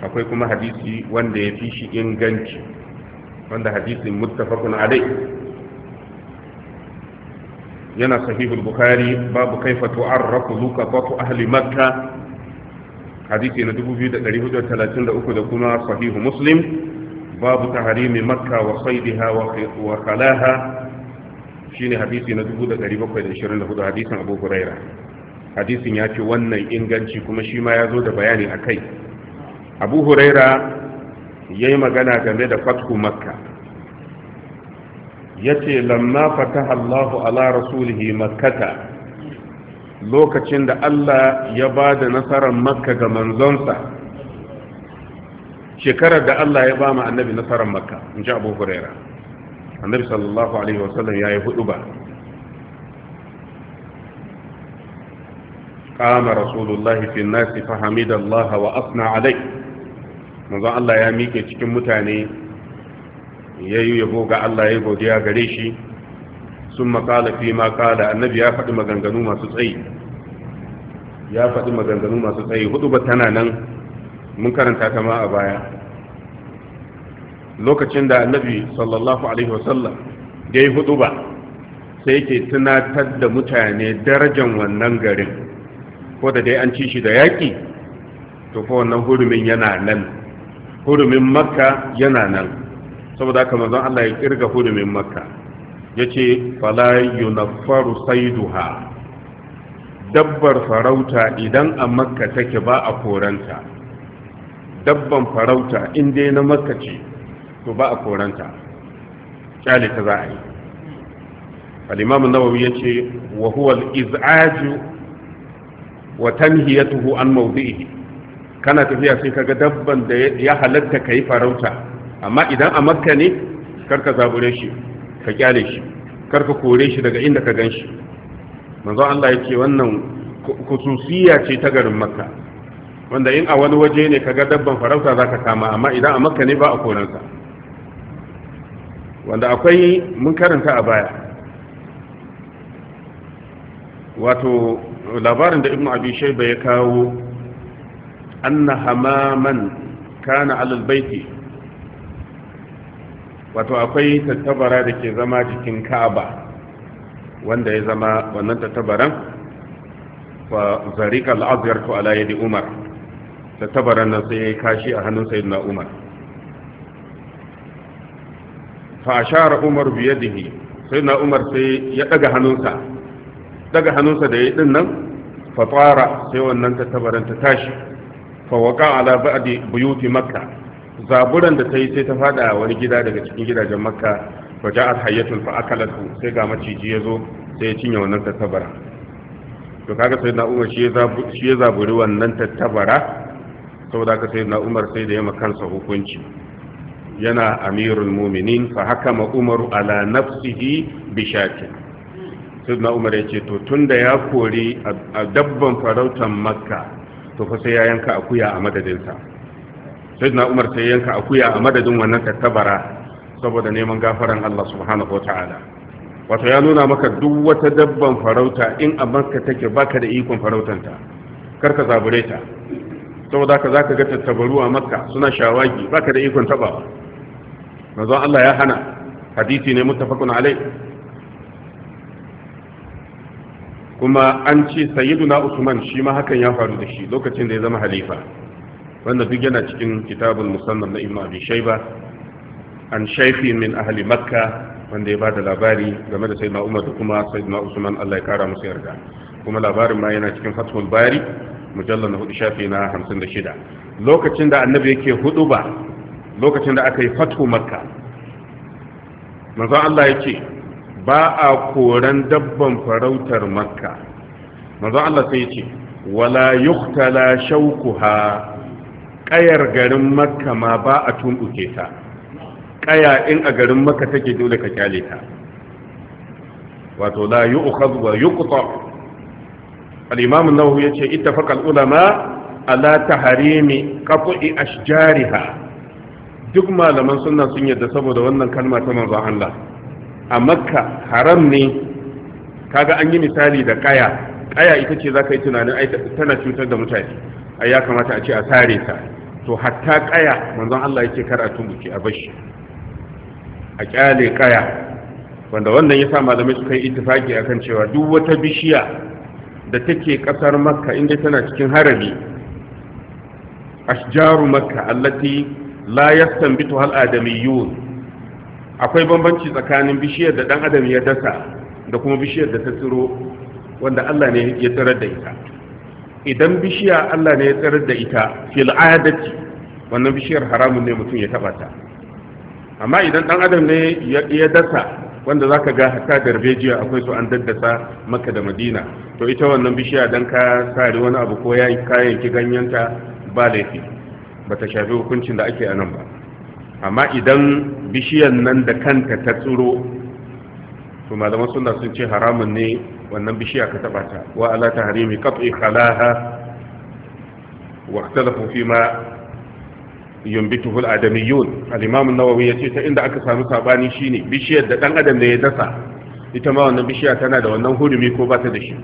akwai kuma hadisi wanda ya fi shi inganci wanda hadisin muttafaqun alai yana sahihul bukhari babu kaifa tu'arrafu luqatu ahli makka hadisi na 2433 da kuma sahihu muslim babu tahrimi makka wa saydiha wa khalaha shine hadisi na 1724 hadisin Abu Huraira hadisin ya ce wannan inganci kuma shi ma ya zo da bayani a kai abu huraira ya yi magana game da fatku makka ya ce lamma fataha allahu ala rasulihi makkata lokacin da allah ya ba da nasarar makka ga manzonsa shekarar da allah ya ba mu annabi nasarar makka in ji abu huraira annabi sallallahu alaihi wasallam ya yi hudu ba kama rasulullahi fi nasi fahamida wa asna alai Maza Allah ya mike cikin mutane ya yi yabo ga Allah ya godiya gare shi sun makala fi ma annabi ya faɗi maganganu masu tsayi ya faɗi maganganu masu tsayi hudu ba tana nan mun karanta ta ma a baya lokacin da annabi sallallahu alaihi wasallam ya yi hudu ba sai yake tunatar da mutane darajan wannan garin ko da dai an ci shi da yaƙi to ko wannan hurumin yana nan hurumin makka yana nan saboda haka manzon Allah ya kirga hurumin makka yace fala yunaffaru saiduha dabbar farauta idan a makka take ba a koranta dabban farauta in dai na makka ce to ba a koranta kyale ta za a yi al-imam an-nawawi yace wa huwa al-iz'aju wa tanhiyatuhu an mawdi'ihi kana tafiya sai kaga dabban da ya halatta kai farauta amma idan a makka ne karka zabure shi ka kyale shi karka kore shi daga inda ka ganshi manzo Allah yake wannan kususiya ce ta garin makka wanda in a wani waje ne kaga dabban farauta zaka kama amma idan a makka ne ba a koransa wanda akwai mun karanta a baya wato labarin da ibn abi shaiba ya kawo anna hamaman kana alal baiti wato akwai tattabara da ke zama jikin ka'aba wanda ya zama wannan tattabaran fa zarika al-azyar ala yadi umar tattabaran nan sai ya kashi a hannun sayyidina umar fa ashara umar bi yadihi sai na umar sai ya daga hannunsa daga hannunsa da yayi din nan fa sai wannan tattabaran ta tashi fa waqa ala ba'di buyuti makka zaburan da ta yi sai ta fada wani gida daga cikin gidajen makka fa ja'at hayyatun fa akalatu sai ga maciji ya zo sai ya cinye wannan tattabara to kaga sai na umar shi ya zaburi wannan tattabara saboda ka sai na umar sai da yamma kansa hukunci yana amirul muminin fa hakama umaru ala nafsihi bi shakin na umar ya ce to tunda ya kori a dabban farautan makka to fa sai ya yanka akuya a madadinsa na umar sai yanka akuya a madadin wannan tattabara saboda neman gafaran Allah subhanahu wa ta'ala wato ya nuna maka duk wata dabban farauta in a makka take baka da ikon farautanta karka zabure ta saboda haka zaka ga tattabaru a makka suna shawagi baka da ikon tabawa manzon Allah ya hana hadisi ne muttafaqun alai kuma an ce sayyiduna usman shi ma hakan ya faru da shi lokacin da ya zama halifa wanda duk yana cikin kitabul musannaf na ibn abi shayba an shayfi min ahli makka wanda ya ba da labari game da sayyidina umar da kuma sayyidina usman Allah ya kara musu yarda kuma labarin ma yana cikin fathul bari mujallal na hudu shafi na hamsin da shida lokacin da annabi yake huduba ba lokacin da aka yi fatu makka manzo Allah ya ce ba a koran dabban farautar makka manzo Allah sai ya ce wala yuktala shaukuha ƙayar garin makka ma ba a tumbuke ta ƙaya in a garin makka take dole ka kyale ta wato la yu'khadh wa yuqta al-imam an-nawawi yace ita al-ulama ala tahrimi qat'i ashjariha duk malaman suna sun yadda saboda wannan kalma ta manzon Allah a makka haram ne kaga an yi misali da kaya kaya ita ce za ka yi tunanin tana cutar da mutane ai ya kamata a ce a sare ta to hatta kaya manzon Allah yake kar a tumbuke a bashi a kyale kaya wanda wannan yasa malamai suka yi ittifaki akan cewa duk wata bishiya da take kasar makka inda tana cikin harabi ashjaru makka allati la yastanbitu hal adamiyun akwai bambanci tsakanin bishiyar da dan adam ya dasa da kuma bishiyar da ta tsiro wanda Allah ne ya tsirar da ita idan bishiya Allah ne ya tsirar da ita fil adati wannan bishiyar haramun ne mutum ya taba ta amma idan dan adam ne ya dasa wanda zaka ga hatta darbejiya akwai su an daddasa maka da madina to ita wannan bishiya dan ka sare wani abu ko ya kayan ki ganyanta ba laifi ba ta shafi hukuncin da ake a nan ba amma idan bishiyan nan da kanta ta tsuro, to malaman suna sun ce haramun ne wannan bishiya ka taba ta wa ala ta harimi kafa khalaha wa ikhtalafu fi ma yumbituhu al-adamiyyun al-imam an-nawawi yace ta inda aka samu sabani shine bishiyar da dan adam ne ya dasa ita ma wannan bishiya tana da wannan hurumi ko ba ta da shi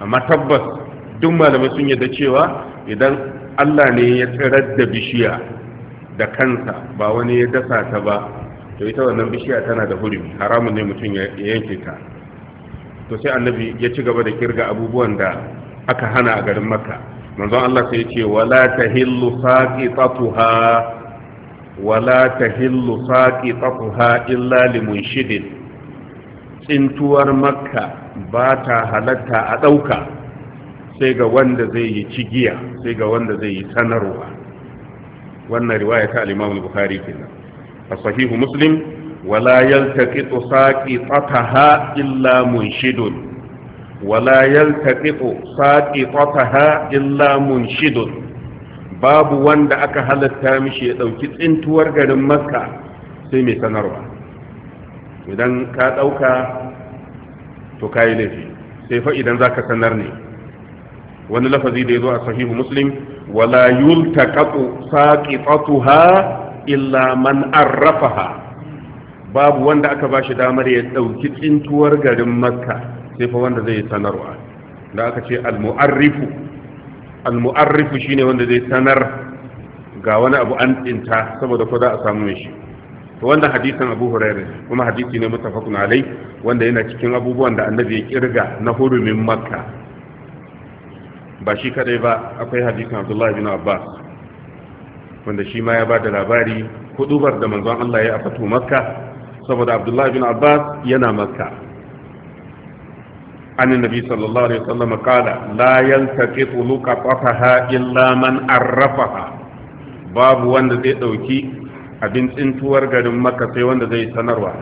amma tabbas duk malamai sun yadda cewa idan Allah ne ya tsirar da bishiya da kansa ba wani ya dasa ta ba to ita wannan bishiya tana da hurumi haramun ne mutum ya yanke ta to sai annabi ya ci gaba da kirga abubuwan da aka hana a garin makka manzon Allah sai ya ce wala tahillu saqitatuha wala tahillu saqitatuha illa limunshidin tsintuwar makka ba ta halatta a ɗauka sai ga wanda zai yi cigiya sai ga wanda zai yi sanarwa wannan riwaya ta al-Imam bukhari kenan a sahihu Muslim wala yaltaqitu fataha illa munshidun wala yaltaqitu fataha illa munshidun babu wanda aka halatta mishi ya dauki tsintuwar garin Makka sai mai sanarwa idan ka dauka to kai laifi sai fa idan zaka sanar ne wani lafazi da ya zo a sahihu muslim wala yultaqatu saqitatuha illa man arrafaha babu wanda aka bashi damar ya dauki tsintuwar garin makka sai fa wanda zai sanarwa da aka ce al-mu'arrifu al-mu'arrifu shine wanda zai sanar ga wani abu an tsinta saboda ko za a samu shi to wannan hadisin Abu Hurairah kuma hadisi ne mutafakun alai wanda yana cikin abubuwan da Annabi ya kirga na hurumin Makka ba shi kadai ba akwai hadisin abdullahi bin abbas wanda shi ma ya ba da labari hudubar da manzon Allah ya fatu makka saboda abdullahi bin abbas yana makka عن النبي صلى الله عليه وسلم قال لا يلتقط لقطتها إلا من عرفها باب وند زي دوكي abin tsintuwar garin Makka sai wanda zai sanarwa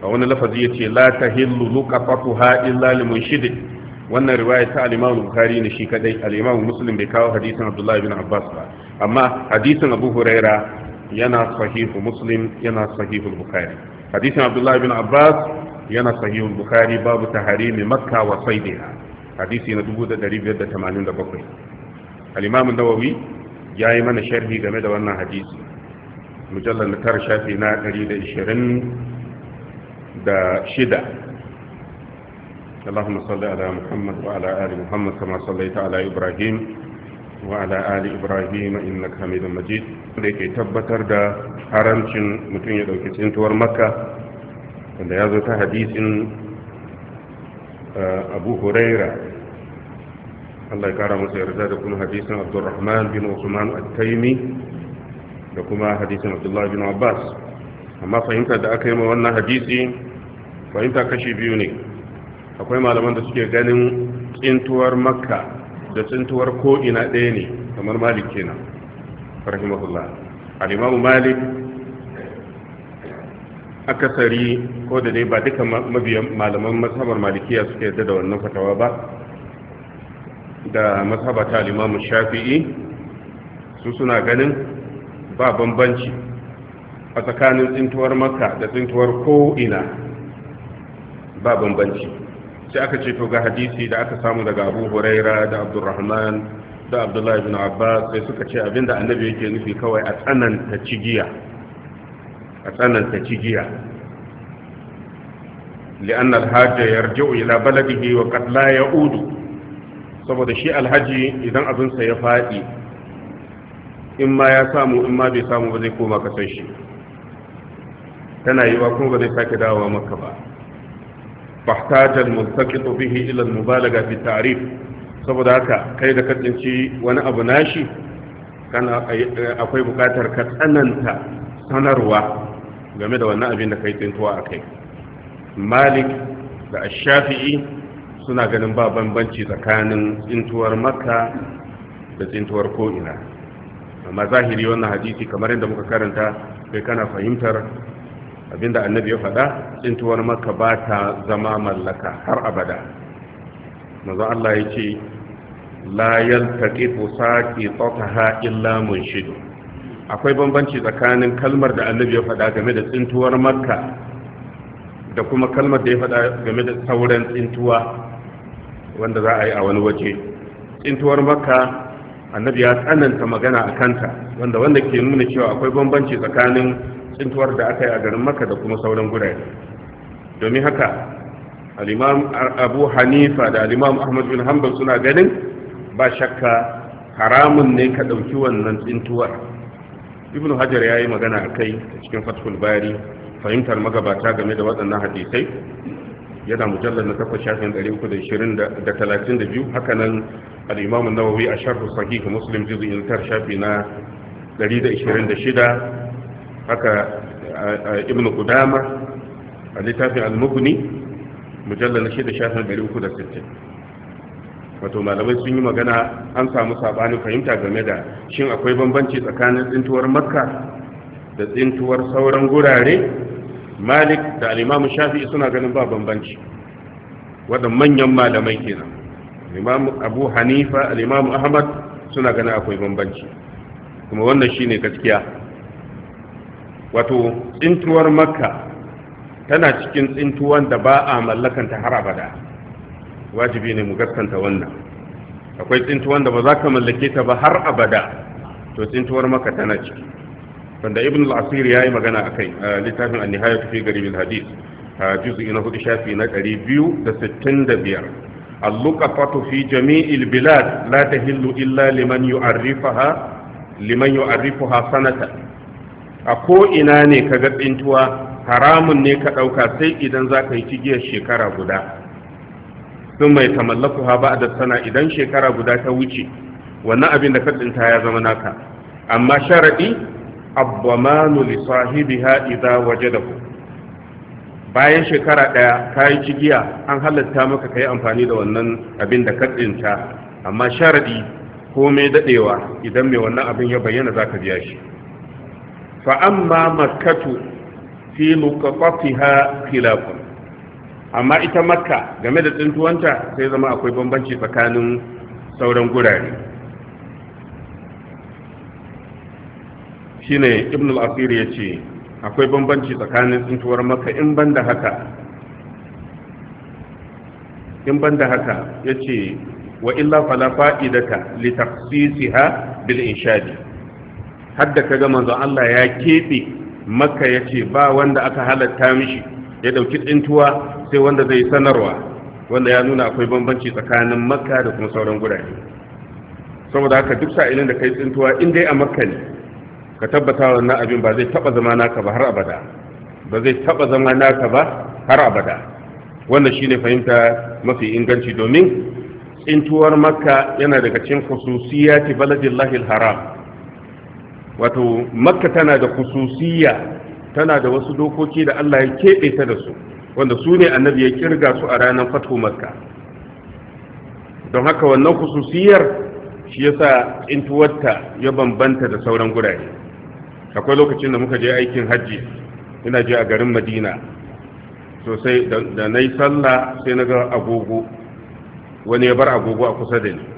a wani lafazi ya ce la ta luka fatuha illa limun shidin wannan riwaya ta al-Imam Bukhari ne shi kadai al-Imam Muslim bai kawo hadisin Abdullah ibn Abbas ba amma hadisin Abu Huraira yana sahihu Muslim yana sahihu Bukhari hadisin Abdullah ibn Abbas yana sahihu Bukhari babu taharimi Makka wa saidiha hadisi na 1587 al-Imam Nawawi yayi mana sharhi game da wannan hadisi mujallal na tara shafi na 120 da shida اللهم صل على محمد وعلى آل محمد كما صليت على إبراهيم وعلى آل إبراهيم إنك حميد مجيد لكي تبتر دا حرمش متن يدوك سنتور مكة wanda ya zo ta hadisin abu huraira allah ya kara masa yarda da kuma hadisin abdurrahman bin usman al-taimi da kuma hadisin abdullahi bin abbas amma fahimta da aka yi wa wannan hadisi fahimta kashi biyu ne akwai malaman da suke ganin tsintuwar makka da tsintuwar ko'ina ɗaya ne kamar malik kenan rahimahullah al'imamu malik akasari ko da dai ba duka mabiyan malaman masabar malikiya suke yadda da wannan fatawa ba da masabata al'imamu shafi'i su suna ganin ba bambanci a tsakanin tsintuwar makka da tsintuwar ko'ina ba bambanci sai aka ce to ga hadisi da aka samu daga abu huraira da abdurrahman da abdullahi bin abbas sai suka ce abinda annabi yake nufi kawai a tsananta cigiya a tsananta cigiya li'an alhaji yarji'u ila baladihi wa qad la ya'udu saboda shi alhaji idan abinsa ya faɗi in ma ya samu in ma bai samu ba zai koma kasar shi tana yi wa kuma ba zai sake dawowa maka ba فاحتاج الملتقط به إلى المبالغة في التعريف saboda haka kai da kasance wani abu nashi kana akwai bukatar ka tsananta sanarwa game da wannan abin da kai tsintuwa a kai malik da ashafi'i suna ganin ba bambanci tsakanin tsintuwar makka da tsintuwar ko'ina amma zahiri wannan hadisi kamar yadda muka karanta kai kana fahimtar abinda annabi ya faɗa tsintuwar maka ba ta zama mallaka har abada Maza Allah ya ce la yaltaqitu saqitataha illa munshid akwai bambanci tsakanin kalmar da annabi ya faɗa game da tsintuwar maka, da kuma kalmar da ya faɗa game da sauran tsintuwa wanda za a yi a wani waje tsintuwar maka annabi ya tsananta magana a kanta wanda wanda ke nuna cewa akwai bambanci tsakanin tsintuwar da aka yi a garin maka da kuma sauran gurare domin haka al'imam abu hanifa da al'imam ahmad bin hanbal suna ganin ba shakka haramun ne ka ɗauki wannan tsintuwar ibn hajar ya yi magana a kai cikin fatkul bayari fahimtar magabata game da waɗannan hadisai yana mujallar na takwas shafin da 332 hakanan al'imamun nawawi a sharhu sahih muslim juzu'in tar shafi na 126 haka ibn kudama a littafin al mubni mujallal na shida shafin 360 wato malamai sun yi magana an samu sabanin fahimta game da shin akwai bambanci tsakanin tsintuwar makka da tsintuwar sauran gurare malik da Alimamu imam shafi'i suna ganin ba bambanci wadan manyan malamai kenan abu hanifa al ahmad suna ganin akwai bambanci kuma wannan shine gaskiya wato tsintuwar makka tana cikin tsintuwan da ba a mallakanta har abada wajibi ne mu gaskanta wannan akwai tsintuwan da ba za ka mallake ta ba har abada to tsintuwar makka tana ciki wanda ibn al-asir yayi magana akai a littafin an-nihayatu fi garib al-hadith juz'i na hudu shafi na 265 al-luqafatu fi jami'il bilad la tahillu illa liman yu'arrifaha liman yu'arrifuha sanatan a ko ina ne ka ga tsintuwa haramun ne ka ɗauka sai idan za ka yi cigiyar shekara guda sun mai tamallaku ha ba da sana idan shekara guda ta wuce wannan abin da tsinta ya zama naka amma sharaɗi abbamanu li sahibiha idza wajadahu bayan shekara ɗaya ka yi cigiya an halatta maka ka yi amfani da wannan abin da tsinta amma sharaɗi komai daɗewa idan mai wannan abin ya bayyana za ka biya shi fa amma في fi خلاف أما amma ita makka game da tsintuwanta sai zama akwai bambanci tsakanin sauran gurare shine ibn al-asir ce akwai bambanci tsakanin tsintuwar makka in ban da haka in da haka yace wa illa fala fa'idata li taqsisiha bil inshadi hadda kaga manzon Allah ya keɓe makka ya ce ba wanda aka halatta mishi ya ɗauki tsintuwa sai wanda zai sanarwa wanda ya nuna akwai bambanci tsakanin makka da kuma sauran gurare saboda haka duk sa'ilin da kai tsintuwa in dai a makka ne ka tabbata wannan abin ba zai taɓa zama naka ba har abada ba zai taɓa zama naka ba har abada wannan shine fahimta mafi inganci domin tsintuwar makka yana daga cikin khususiyati baladillahil haram wato makka tana da kususiya tana da wasu dokoki da Allah ya keɓe ta da su wanda su ne annabi ya kirga su a ranar fatu makka don haka wannan kususiyar shi ya yasa intuwarta ya bambanta da sauran gurare akwai lokacin da muka je aikin hajji ina je a garin madina sosai da na yi sallah sai na ga agogo wani ya bar agogo a kusa da ni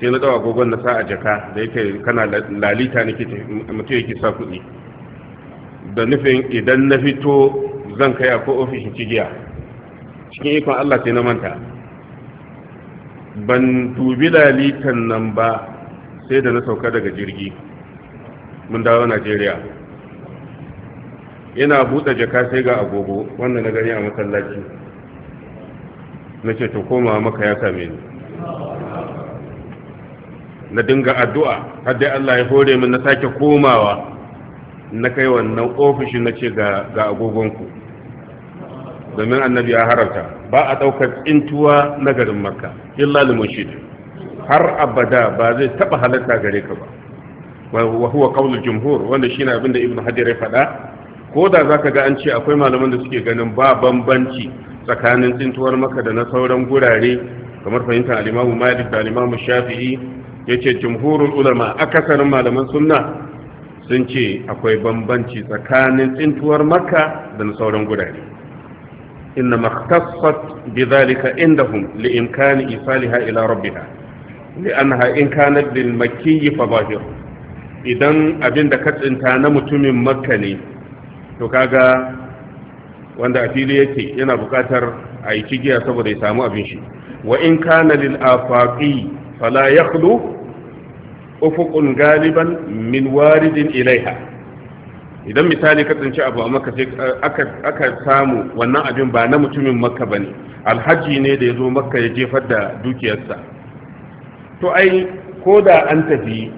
sai na dawa gogon na sa a jaka da yake kana lalita nake mutum yake sa kuɗi da nufin idan na fito zan kai ko ofishin cigiya cikin ikon Allah sai na manta ban dubi lalitan nan ba sai da na sauka daga jirgi mun dawo Najeriya yana buɗe jaka sai ga agogo wannan na gani a masallaci na ce to koma maka ya same ni na dinga addu'a har dai Allah ya hore min na sake komawa na kai wannan ofishin na ce ga agogonku domin annabi ya haramta ba a ɗaukar intuwa na garin makka illa limushid har abada ba zai taɓa halarta gare ka ba wa huwa qaulul jumhur wanda shine abin da ibnu hajar ya faɗa ko da zaka ga an ce akwai malaman da suke ganin ba bambanci tsakanin tsintuwar makka da na sauran gurare kamar fahimtar al malik da al-imamu shafi'i yace jumhurul ulama akasarin malaman sunna sun ce akwai bambanci tsakanin tsintuwar makka da na sauran gudane inna makhtassat bidhalika indahum li imkani isaliha ila rabbiha li'annaha in kanat lil makki fa zahir idan abin da ka tsinta na mutumin makka ne to kaga wanda a fili yake yana bukatar a yi cigiya saboda ya samu abin shi wa in kana lil afaqi fala yakhlu ufuqun galiban min waridin ilaiha idan misali ka abu a maka eh, aka samu wannan abin ba na mutumin makka bane alhaji ne da ya zo makka ya jefar da dukiyarsa to ai ko da an tafi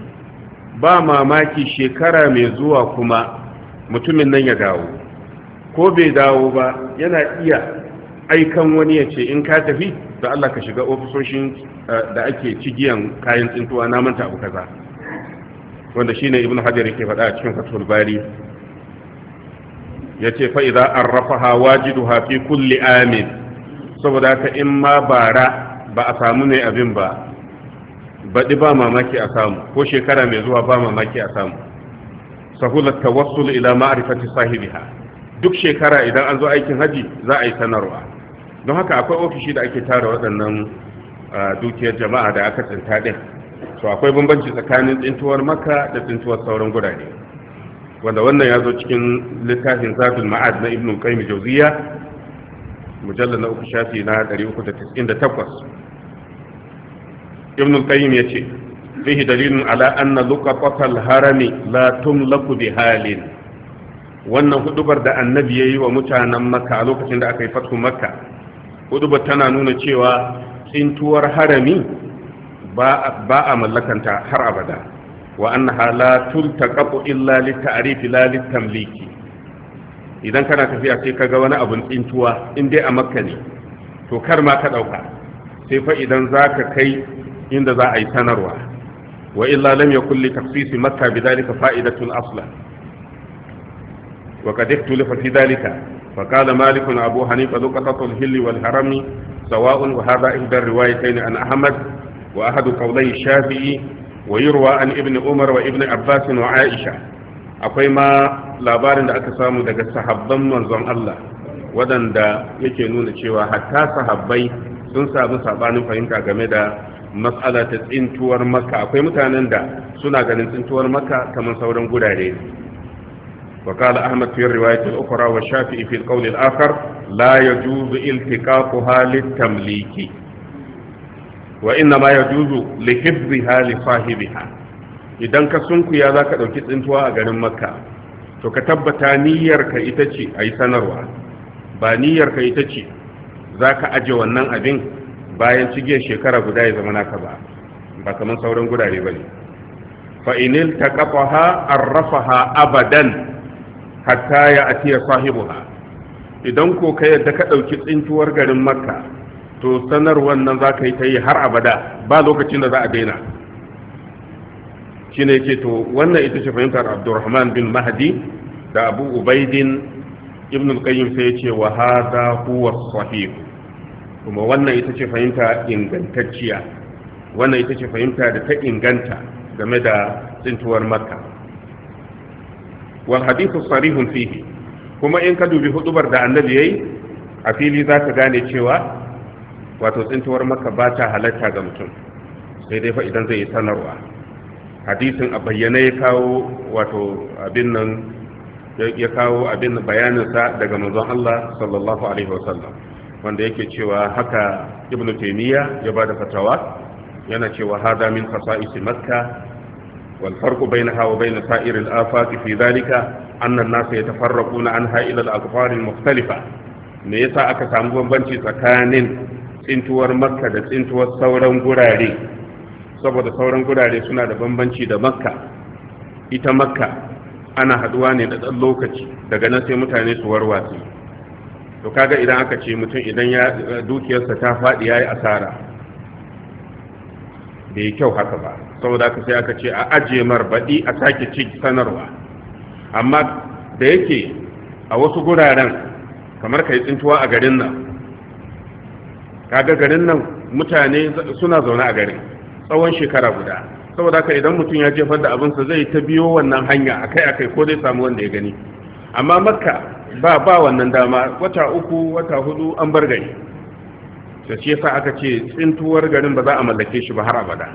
ba mamaki shekara mai zuwa kuma mutumin nan ya dawo ko bai dawo ba yana iya aikan wani ya ce in ka tafi da Allah ka shiga ofisoshin eh, da ake cigiyan kayan tsintuwa na manta abu kaza wanda shine ibn hajar yake faɗa a cikin fatul bari yace fa idza arrafaha jidu fi kulli amin saboda ka in ma bara ba a samu ne abin ba baɗi ba mamaki a samu ko shekara mai zuwa ba mamaki a samu sahulat tawassul ila ma'rifati sahibiha duk shekara idan an zo aikin haji za a yi sanarwa don haka akwai ofishi da ake tara waɗannan dukiyar jama'a da aka tsinta ɗin so akwai bambanci tsakanin tsintuwar maka da tsintuwar sauran gurare wanda wannan ya zo cikin littafin zafin ma'ad na ibn qayyim jawziya mujalla na uku shafi na 398 ibn qayyim yace fihi dalilun ala anna luqatal harami la tumlaku bi halin wannan hudubar da annabi yayi wa mutanen makka a lokacin da aka yi fatu makka huduba tana nuna cewa tsintuwar harami ba a mallakanta har abada wa annaha la tultaqatu illa li ta'rif la idan kana tafiya sai kaga wani abun tsintuwa in dai a makka ne to kar ma ka dauka sai fa idan ka kai inda za a yi sanarwa wa illa lam yakul li tafsisi makka bidhalika fa'idatun asla wa qad ikhtalafa fi dhalika فقال مالك أبو حنيفة لقطة الهل والهرم سواء وهذا إحدى الروايتين عن أحمد وأحد قولي الشافعي ويروى عن ابن عمر وابن عباس وعائشة akwai ma labarin da aka samu daga sahabban manzon Allah waɗanda yake nuna cewa hatta sahabbai sun samu sabanin fahimta game da matsala ta tsintuwar makka akwai mutanen da suna ganin tsintuwar maka kamar sauran gurare وقال أحمد في الرواية الأخرى والشافعي في القول الآخر لا يجوز التقاطها للتمليك وإنما يجوز لحفظها لصاحبها idan ka sunkuya za ka ɗauki tsintuwa a garin makka to ka tabbata niyyarka ita ce a yi sanarwa ba niyyarka ita ce za ka aje wannan abin bayan cigiyar shekara guda ya zama naka ba ba kamar sauran gudare ba ne fa'inil ta kafa ha abadan hatta ya atiya sahibuha idan ko ka yadda ka ɗauki tsintuwar garin makka to sanar wannan za ka yi ta yi har abada ba lokacin da za a daina shine ke to wannan ita ce fahimtar abdurrahman bin mahdi da abu ubaidin ibn al-qayyim sai ya ce wa hadha huwa sahih kuma wannan ita ce fahimta ingantacciya wannan ita ce fahimta da ta inganta game da tsintuwar makka wal hadithu sarihun fihi kuma in ka dubi hudubar da annabi yayi a fili za ka gane cewa wato tsintuwar maka ba ta halatta ga mutum sai dai fa idan zai yi sanarwa hadisin a bayyana ya kawo wato abin nan ya kawo abin sa daga manzon Allah sallallahu alaihi wasallam wanda yake cewa haka ibnu taymiya ya bada fatawa yana cewa hada min khasa'is makka والفرق بينها وبين سائر الآفات في ذلك أن الناس يتفرقون عنها إلى الأقطار المختلفة me yasa aka samu bambanci tsakanin tsintuwar makka da tsintuwar sauran gurare saboda sauran gurare suna da bambanci da makka ita makka ana haduwa ne da ɗan lokaci daga nan sai mutane su warwatsi to kaga idan aka ce mutum idan dukiyarsa ta faɗi ya yi asara bai yi kyau haka ba saboda ka sai aka ce a ajiye baɗi a sake ci sanarwa amma da yake a wasu guraren kamar ka yi tsintuwa a garin nan kaga garin nan mutane suna zaune a garin tsawon shekara guda saboda haka idan mutum ya jefar da abinsa zai ta biyo wannan hanya akai akai ko zai samu wanda ya gani amma makka ba ba wannan dama wata uku wata hudu an bar gari da shi yasa aka ce tsintuwar garin ba za a mallake shi ba har abada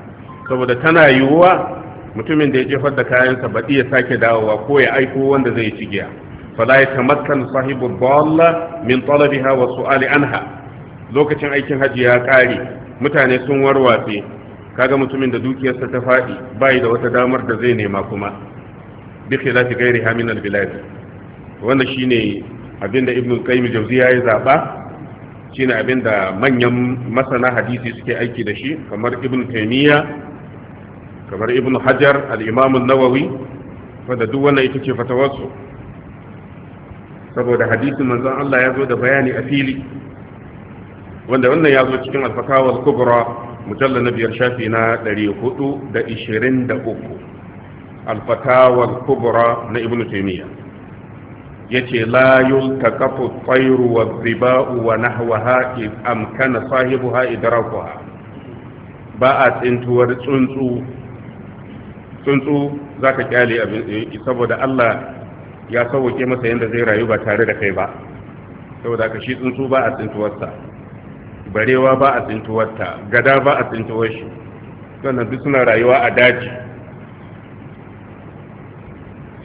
saboda tana yiwuwa mutumin da ya jefar da kayansa ba iya sake dawowa ko ya aiko wanda zai ci giya fala ya tamakkan sahibu dalla min talabiha wa su'ali anha lokacin aikin haji ya kare mutane sun warwatse kaga mutumin da dukiyarsa ta fadi bai da wata damar da zai nema kuma bi khilafi ghairiha min bilad wannan shine abinda ibnu qayyim jawziya ya zaba shine abin da manyan masana hadisi suke aiki da shi kamar ibn taymiya kamar ibn hajar al-imam nawawi wanda duk wannan ita ce fatawarsu saboda hadisin manzon Allah ya zo da bayani a fili wanda wannan ya zo cikin al-fatawa al-kubra mujallal na biyar shafi na 423 da uku. Alfatawar kubra na ibn taimiyya yace la yultaqatu at-tayru wadh-dhiba'u wa nahwaha in amkana sahibuha idrakuha ba a tsintuwar tsuntsu tsuntsu zaka kyale abin eh, saboda Allah ya sauke masa yanda zai rayu ba tare da kai ba saboda ka shi tsuntsu ba a tsintuwarsa barewa ba a tsintuwarta gada ba a tsintuwar shi sannan duk suna rayuwa a daji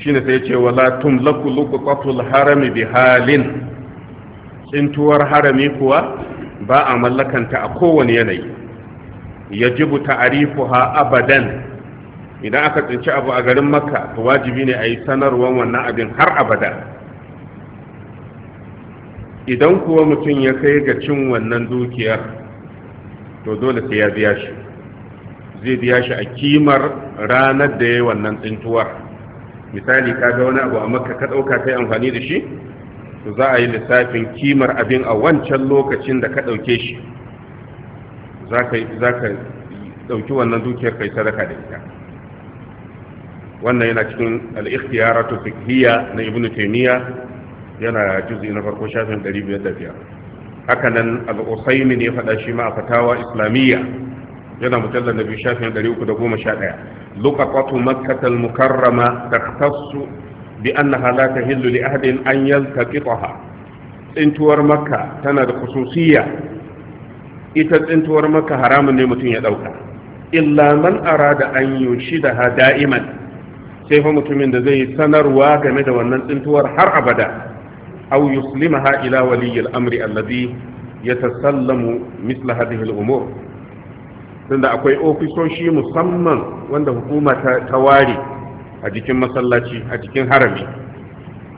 shine sai ce wala luku qatul harami bi halin tsintuwar harami kuwa ba a mallakanta a kowane yanayi yajibu ta'rifuha abadan idan aka tsinci abu a garin makka to wajibi ne a yi sanarwar wannan abin har abada idan kuwa mutum ya kai ga cin wannan dukiyar to dole sai ya biya shi zai biya shi a kimar ranar da ya wannan tsintuwar misali ka ga wani abu a makka ka ɗauka kai amfani da shi to za a yi lissafin kimar abin a wancan lokacin da ka ɗauke shi za ka ɗauki wannan dukiyar kai sadaka da ita wannan yana cikin al'ikhtiyaratu fiqhiyya na ibnu taymiya yana juz'i na farko shafin 505 haka nan al-usaymi ne faɗa shi ma a fatawa islamiyya yana mujallar da biyu shafin ɗari uku da goma sha ɗaya luƙaƙatu makkatal mukarrama taktassu bi annaha la tahillu li ahadin an yaltaqitaha tsintuwar makka tana da kususiyya ita tsintuwar makka haramun ne mutum ya ɗauka illa man arada an ha da'iman sai fa mutumin da zai sanarwa game da wannan tsintuwar har abada aw yuslimaha ila waliyil amri alladhi yatasallamu misla hadhihi al-umur tunda akwai ofisoshi musamman wanda hukuma ta ware a jikin masallaci a jikin harami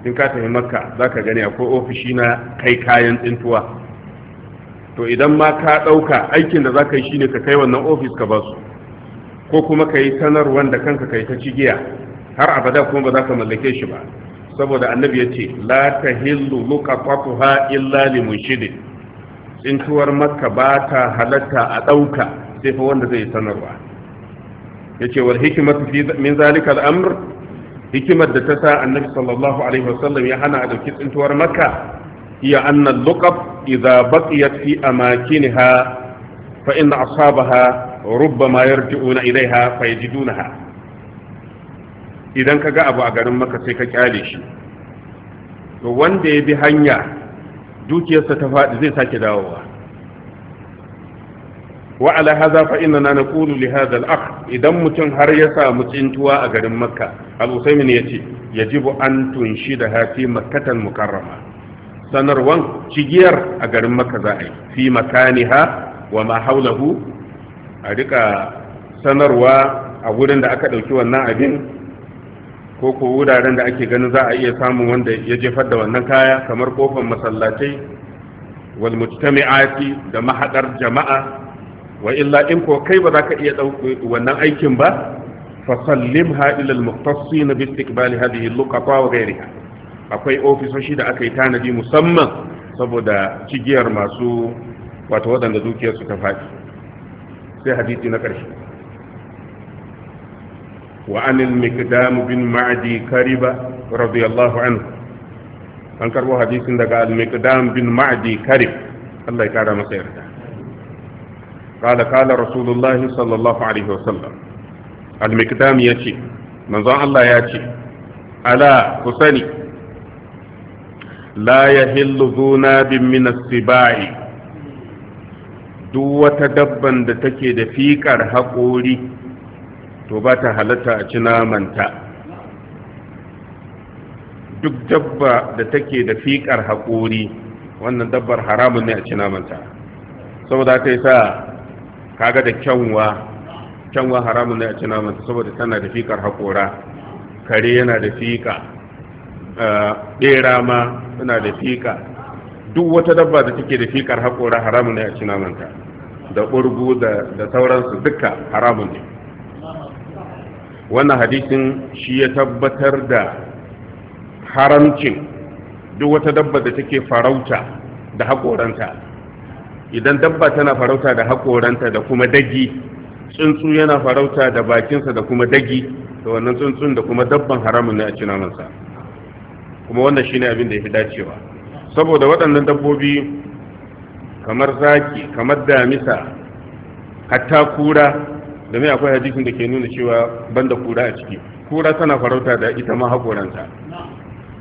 in ka tafi makka za ka gani akwai ofishi na kai kayan tsintuwa to idan ma ka ɗauka aikin da za ka yi shine ka kai wannan ofis ka basu ko kuma ka yi sanarwar da kanka kai ta cigiya har abada kuma ba za ka mallake shi ba saboda annabi ya ce la ta hillu luka fatuha illa limunshidin tsintuwar makka ba ta halatta a ɗauka sai fa wanda zai sanarwa yace wal hikmatu min zalika al hikimar da ta sa annabi sallallahu alaihi wasallam ya hana a dauki tsintuwar makka hiya anna al-luqab idza baqiyat fi amakinha fa inna ashabaha rubbama yarji'una ilaiha fayajidunaha idan kaga abu a garin makka sai ka kyale shi to wanda ya bi hanya dukiyarsa ta faɗi zai sake dawowa wa ala hadha fa inna naqulu li hadha al-akh idan mutum har ya samu tsintuwa a garin makka al-usaymin yace yajibu an tunshida hafi makkatan mukarrama sanarwan cigiyar a garin makka za a yi fi makaniha wa ma haulahu a rika sanarwa a wurin da aka dauki wannan abin ko ko wuraren da ake ganin za a iya samun wanda ya jefar da wannan kaya kamar kofar masallatai wal mujtami'ati da mahadar jama'a wa illa in ko kai ba za ka iya ɗauki wannan aikin ba fasallimha ila al-muqtasin bi istiqbal hadhihi al wa akwai ofisoshi da aka yi tanadi musamman saboda cigiyar masu wata waɗanda dukiyar su ta faɗi sai hadisi na ƙarshe wa anil miqdam bin ma'adi kariba radiyallahu anhu an karbo hadisin daga al-miqdam bin ma'adi karib Allah ya kara masa yarda قال قال رسول الله صلى الله عليه وسلم المقدام يأتي منظر الله يأتي ألا كسني لا يهل ذو ناب من السباع duk wata dabban da take da fikar haƙori to ba ta halatta a ci namanta duk dabba da take da fikar haƙori wannan dabbar haramun ne a ci namanta saboda ta yi sa kaga da kyanwa kyanwa haramun ne a cina namanta saboda tana da fikar haƙora kare yana da fika ɗera ma tana da fika duk wata dabba da take da fikar haƙora haramun ne a cina namanta da ɓurgu da sauransu duka haramun ne wannan hadisin shi ya tabbatar da haramcin duk wata dabba da take farauta da haƙoranta idan dabba tana farauta da haƙoranta da kuma dagi tsuntsu yana farauta da bakinsa da kuma dagi da wannan tsuntsun da kuma dabban haramun ne a ci namansa kuma wannan shine abin da ya fi dacewa saboda waɗannan dabbobi kamar zaki kamar damisa hatta kura mai akwai hadisin da ke nuna cewa banda kura a ciki kura tana farauta da ita ma haƙoranta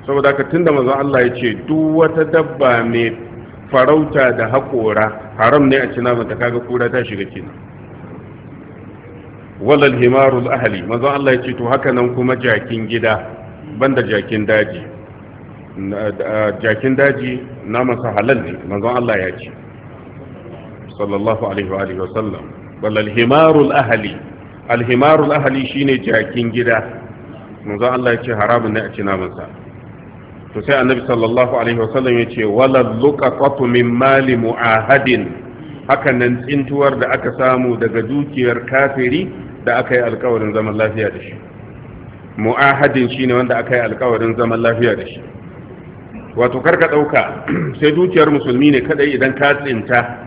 saboda haka tunda manzon Allah ya ce duk wata dabba mai farauta da haƙora haram ne a ci naman ta kaga kura ta shiga kenan walal himarul ahli manzo Allah ya ce to haka nan kuma jakin gida banda jakin daji jakin daji naman sa halal ne manzo Allah ya ce sallallahu alaihi wa alihi wasallam walal himarul ahli al himarul ahli shine jakin gida manzo Allah ya ce haramun ne a ci naman sa to sai annabi sallallahu alaihi wasallam ya ce wala luqaqatu min mali mu'ahadin hakan nan tsintuwar da aka samu daga dukiyar kafiri da aka yi alkawarin zaman lafiya da shi mu'ahadin shine wanda aka yi alkawarin zaman lafiya da shi wato karka dauka *clears throat* sai dukiyar musulmi ne kadai idan ka tsinta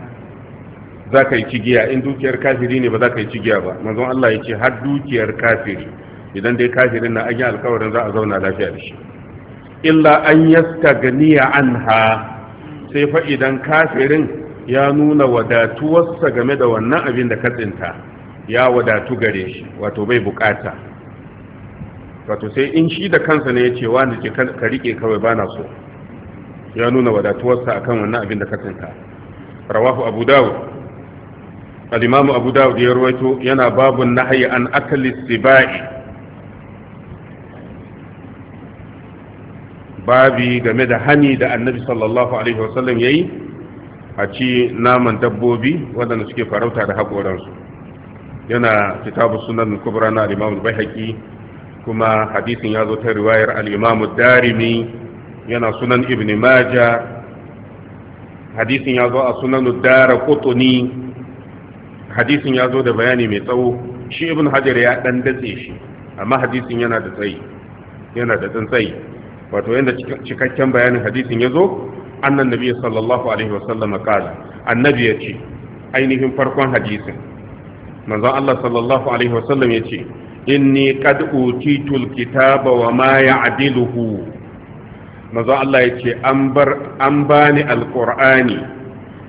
za ka yi cigiya in dukiyar kafiri ne ba za ka yi cigiya ba manzon Allah ya ce har dukiyar kafiri idan dai kafirin na an yi alkawarin za a zauna lafiya da shi illa an an anha sai fa idan kafirin ya nuna wadatuwarsa game da wannan abin da ka tsinta ya wadatu gare shi wato bai bukata wato sai in shi da kansa ne ya ce wani ce ka rike kawai ba na so ya nuna wadatuwarsa akan wannan abin da ka tsinta rawahu abu dawud al-imamu abu dawud ya rawaito yana babun nahyi an akli sibai babi game da hani da annabi sallallahu alaihi wasallam ya yi a ci naman dabbobi waɗanda suke farauta da haƙoransu yana kitabu sunan kubra na al-imam al-baihaqi kuma hadisin ya zo ta riwayar al-imam ad-darimi yana sunan ibn maja hadisin ya zo a sunan ad-darqutni hadisin ya zo da bayani mai tsawo shi ibn hajar ya dan datse shi amma hadisin yana da tsayi yana da tsayi wato yanda cikakken bayanin hadisin ya zo annan nabi sallallahu alaihi wasallam kala annabi ya ce ainihin farkon hadisin manzon Allah sallallahu alaihi wasallam ya ce inni qad utitul kitaba wa ma ya'diluhu manzon Allah ya ce an bar an bani alqur'ani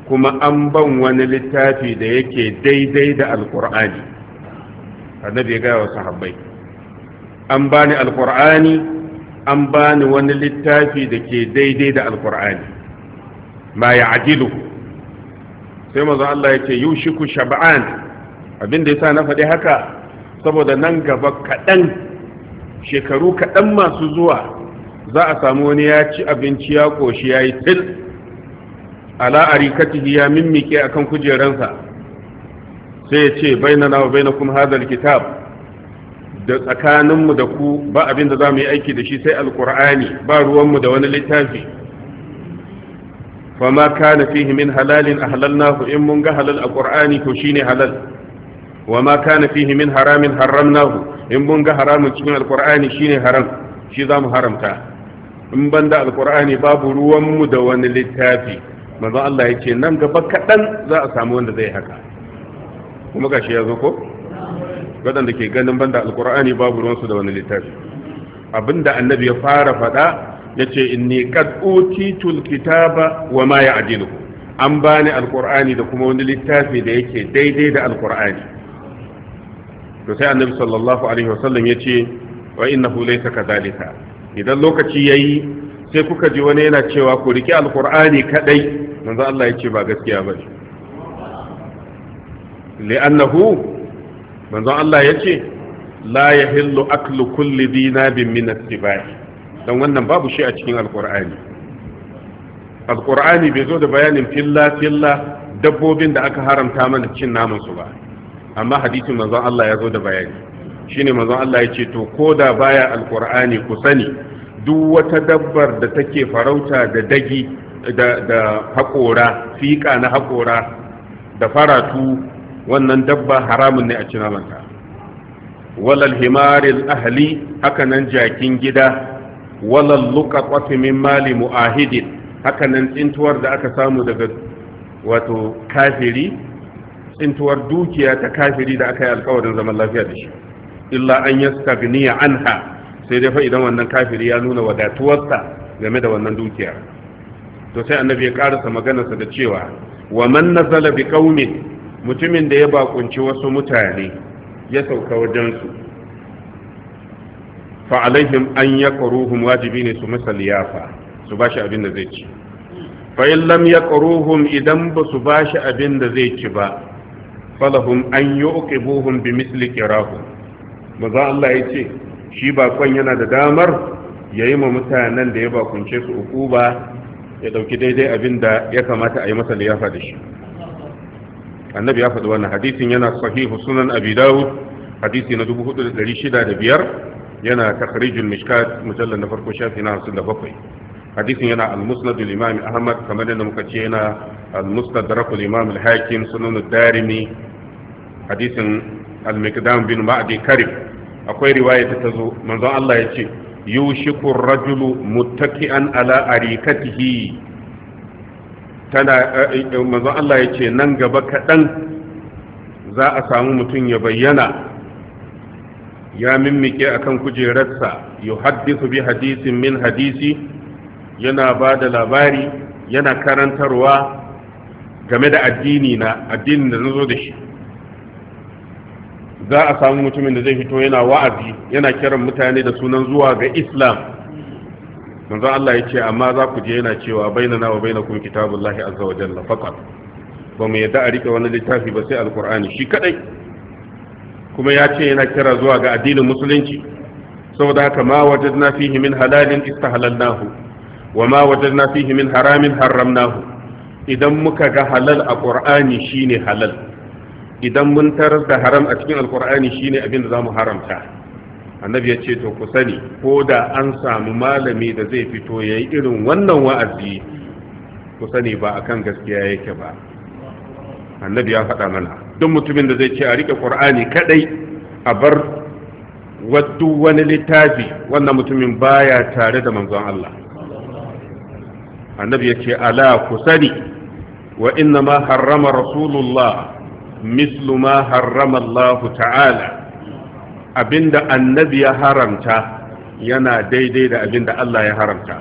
kuma an ban wani littafi da yake daidai da alqur'ani annabi ya ga wa sahabbai an bani alqur'ani an bani wani littafi da ke daidai da alkur'ani ma ya ajilu sai maza Allah ya ce yushiku shaba'an abinda ya sa na faɗi haka saboda nan gaba kaɗan shekaru kaɗan masu zuwa za a samu wani ya ci abinci ya ƙoshi ya yi til ala arikatihi ya mimmike akan kujeransa sai ya ce bainana wa bainakum hadal kitab da tsakaninmu da ku ba abin da za mu yi aiki da shi sai alkur'ani ba ruwanmu da wani littafi fama kana fihi min halalin ahlalnahu in mun ga halal a qur'ani to shine halal wa ma kana fihi min haramin haramnahu in mun ga haramun cikin alqur'ani shine haram shi za mu haramta in banda alqur'ani babu ruwanmu da wani littafi manzo Allah yake nan gaba kadan za a samu wanda zai haka kuma gashi ya zo ko waɗanda ke ganin banda alkur'ani babu ruwansu da wani littafi abinda annabi ya fara faɗa ya ce inni qad utitul kitaba wa ma an bani alkur'ani da kuma wani littafi da yake daidai da alkur'ani to sai annabi sallallahu alaihi wasallam ya ce wa innahu laysa kadhalika idan lokaci yayi sai kuka ji wani yana cewa ku riki alkur'ani kadai manzo Allah ya ce ba gaskiya ba li'annahu manzon Allah ya ce la yahillu aklu kulli dinabin min as-sibai dan wannan babu shi a cikin alqur'ani alqur'ani bai zo da bayanin filla filla dabbobin da aka haramta mana cin naman su ba amma hadisin manzo Allah ya zo da bayani shine manzo Allah ya ce to koda baya alqur'ani ku sani duk wata dabbar da take farauta da dagi da haƙora siƙa na haƙora da faratu wannan dabba haramun ne a ci walal himaril ahli hakanan jakin gida walal luqaqat min mali muahidin hakanan tsintuwar da aka samu daga wato kafiri tsintuwar dukiya ta kafiri da aka yi alkawarin zaman lafiya da shi illa an yastagniya anha sai dai fa idan wannan kafiri ya nuna wadatuwarsa game da wannan dukiya to sai annabi ya karasa maganarsa da cewa wa man nazala bi qaumin mutumin da ya bakunci wasu mutane ya sauka wajensu fa alaihim an yaqruhum wajibi ne su masa liyafa su bashi abin da zai ci fa in lam yaqruhum idan ba su bashi abin da zai ci ba falahum an yuqibuhum bi misli qirahum maza Allah ya ce shi bakon yana da damar yi ma mutanen da ya bakunce su uku ba ya dauki daidai abin da ya kamata a yi masa liyafa da shi annabi ya faɗi wannan hadisin yana sahihu sunan abi dawud hadisi na 4605 yana takharijul mishkat mujallal na farko shafi na 57 hadisin yana al-musnad al-imam ahmad kamar yadda muka ce yana al-mustadrak al-imam al-hakim sunan darimi hadisin al-miqdam bin ma'di karib akwai riwaya ta tazo manzon Allah ya ce yushiku ar-rajulu muttaki'an ala arikatihi tana eh, eh, manzon Allah ya ce nan gaba kaɗan za a samu mutum ya bayyana ya mimmike akan kujerarsa ya haddisa bi hadisin min hadisi yana ba da labari yana karantarwa game da addini na addinin da zo da shi za a samu mutumin da zai fito yana wa'azi yana kiran mutane da sunan zuwa ga islam manzo Allah ya ce amma za ku je yana cewa baina wa bainakum kitabullahi azza wa jalla faqat ba mu yadda a rike wani littafi ba sai alqur'ani shi kadai kuma ya ce yana kira zuwa ga addinin musulunci saboda haka ma wajadna fihi min halalin istahlalnahu wa ma wajadna fihi min haramin harramnahu idan muka ga halal a qur'ani shine halal idan mun tarar da haram a cikin alqur'ani shine abin da zamu haramta annabi ya ce to ku sani ko da an samu malami da zai fito ya yi irin wannan wa'azi ku sani ba a kan gaskiya yake ba annabi ya faɗa mana duk mutumin da zai ce a riƙe ƙur'ani kaɗai a bar wadu wani littafi wannan mutumin baya tare da manzon Allah annabi ya ce ala ku sani wa inna ma harrama rasulullah mislu ma harrama Allah ta'ala abinda annabi ya haramta yana daidai da abinda Allah ya haramta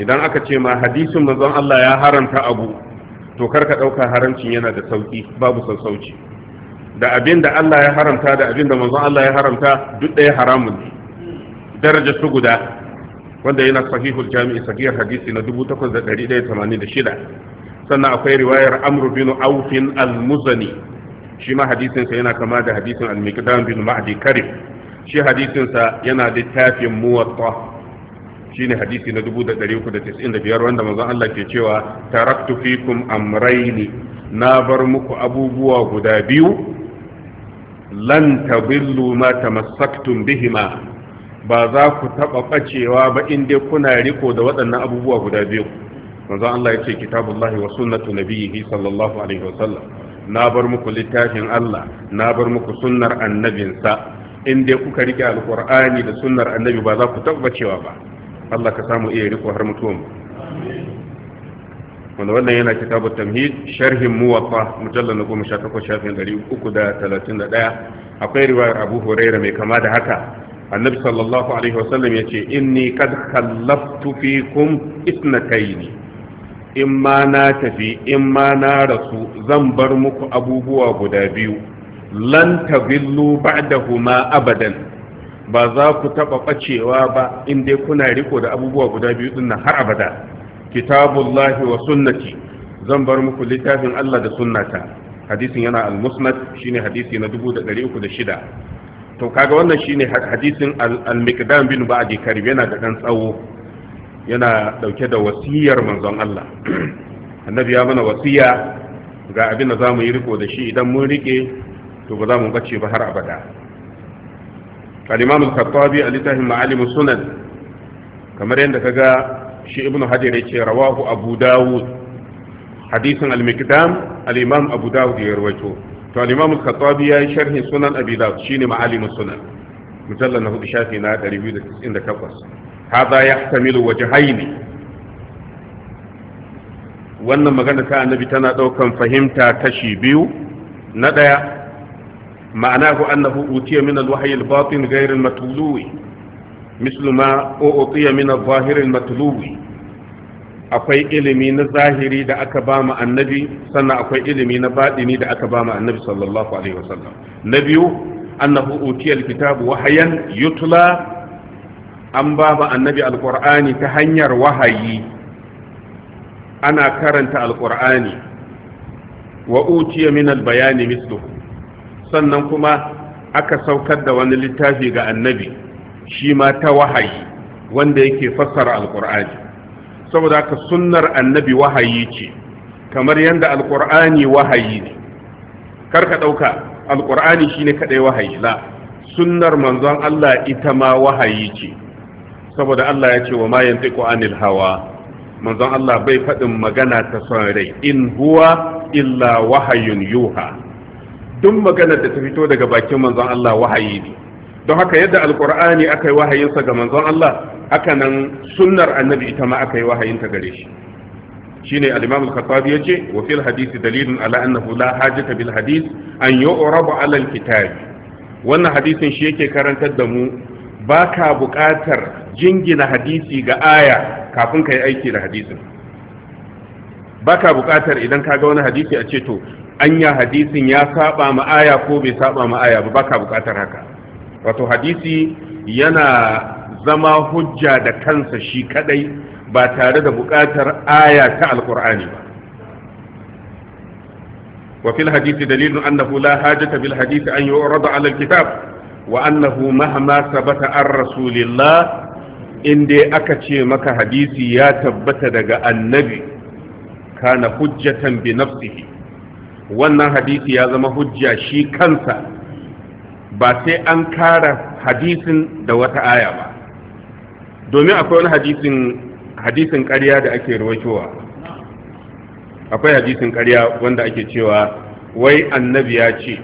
idan aka ce ma hadisin manzon Allah ya haramta abu to karka ɗauka haramcin yana da sauki babu sassauci da abinda Allah ya haramta da abinda manzon Allah ya haramta duk ɗaya haramun ne daraja su guda wanda yana sahihul jami'i sahihar hadisi na 8186 sannan akwai riwayar amru bin aufin al-muzani shi ma hadisinsa yana kama da hadisin al-miqdam bin ma'di shi hadisinsa yana littafin muwatta shine hadisi na 1395 wanda manzon Allah ke cewa taraktu fikum amrayni na bar muku abubuwa guda biyu lan tabillu ma tamassaktum bihima ba za ku taba bacewa ba in dai kuna riko da waɗannan abubuwa guda biyu manzon Allah ya ce kitabullahi wa sunnatu nabiyhi sallallahu alaihi sallam. na bar muku littafin Allah na bar muku sunnar annabinsa in dai kuka rike alqur'ani da sunnar annabi ba za ku tabbacewa ba Allah ka samu iya riko har mutuwan mu wanda wannan yana kitabu tamhid sharhin muwatta mujallal na goma sha takwas shafin ɗari uku da talatin da ɗaya akwai riwayar abu huraira mai kama da haka annabi sallallahu alaihi wasallam ya ce inni kad kallaftu fikum isnataini in ma na tafi in ma na rasu zan bar muku abubuwa guda biyu lan tabillu ba'dahuma abadan ba za ku taba bacewa ba in dai kuna riko da abubuwa guda biyu din har abada kitabullahi wa sunnati zan bar muku littafin Allah da sunnata hadisin yana al-musnad shine hadisi na 306 to kaga wannan shine hadisin al-miqdam bin ba'di karib yana da dan tsawo yana dauke da wasiyar manzon Allah *clears throat* annabi ya mana wasiya ga abin da zamu yi riko da shi idan mun rike to ba za mu bace ba har abada al-imam al-khattabi al ma'alim sunan kamar yadda kaga shi ibnu hajar yace rawahu abu dawud hadisin al-mikdam al-imam abu dawud ya rawaito to al-imam al-khattabi yayi sharhin sunan abi dawud shine ma'alim sunan mujallal na hudu shafi na 298 hadha yahtamilu wajhayn wannan magana ta annabi tana daukan fahimta kashi biyu na daya ma'anahu annahu utiya min al-wahyi al-batin ghayr al-matluwi mislu ma utiya min al-zahir al-matluwi akwai ilimi na zahiri da aka ba mu annabi sannan akwai ilimi na baɗini da aka ba mu annabi sallallahu alaihi wasallam na biyu annahu utiyal kitabu wahayan yutla an ba ma annabi alkur'ani ta hanyar wahayi ana karanta alkur'ani wa uciya min albayani mislu sannan kuma aka saukar da wani littafi ga annabi shi ma ta wahayi wanda yake fassara alkur'ani saboda haka sunnar annabi wahayi ce kamar yadda alkur'ani wahayi ne karka ɗauka alkur'ani shine kaɗai wahayi la sunnar manzon Allah ita ma wahayi ce saboda Allah ya ce wa ma yantiqu anil hawa manzon Allah bai faɗin magana ta son rai in huwa illa wahayun yuha duk maganar da ta fito daga bakin manzon Allah wahayi ne don haka yadda alkur'ani aka yi wahayinsa ga manzon Allah haka nan sunnar annabi ita ma aka yi ta gare shi shine al-imam al-khattabi yace wa fil hadisi dalilun ala annahu la hajata bil hadith an yu'rabu ala al-kitab wannan hadisin shi yake karantar da mu baka buƙatar jingina hadisi ga aya kafin ka yi aiki da hadisin baka buƙatar idan ka ga wani hadisi a ce to anya hadisin ya saba ma aya ko bai saba ma aya ba baka buƙatar haka wato hadisi yana zama hujja da kansa shi kadai ba tare da buƙatar aya ta alƙur'ani ba وفي الحديث دليل أنه لا حاجة بالحديث أن يعرض على الكتاب وأنه مهما ثبت عن رسول الله in dai aka ce maka hadisi ya tabbata daga annabi kana hujjatan bi nafsihi wannan hadisi ya zama hujja shi kansa ba sai an kara hadisin da wata aya ba domin akwai wani hadisin hadisin ƙarya da ake rawaitowa akwai hadisin ƙarya wanda ake cewa wai annabi ya ce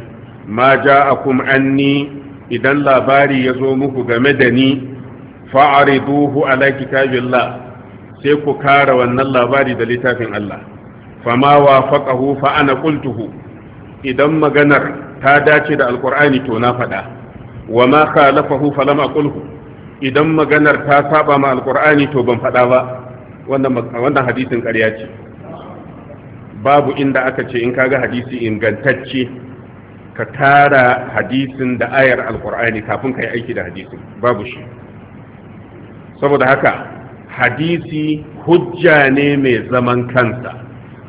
ma ja'akum anni idan labari ya zo muku game da ni fa'ariduhu ala kitabillah sai ku kara wannan labari da littafin Allah fama wafaqahu fa ana qultuhu idan maganar ta dace da alqur'ani to na faɗa wama khalafahu lam aqulhu idan maganar ta saba ma alqur'ani to ban faɗa ba wannan wannan hadisin ƙarya ce babu inda aka ce in kaga hadisi ingantacce ka tara hadisin da ayar alqur'ani kafin kai aiki da hadisin babu shi saboda haka hadisi hujja ne mai zaman kansa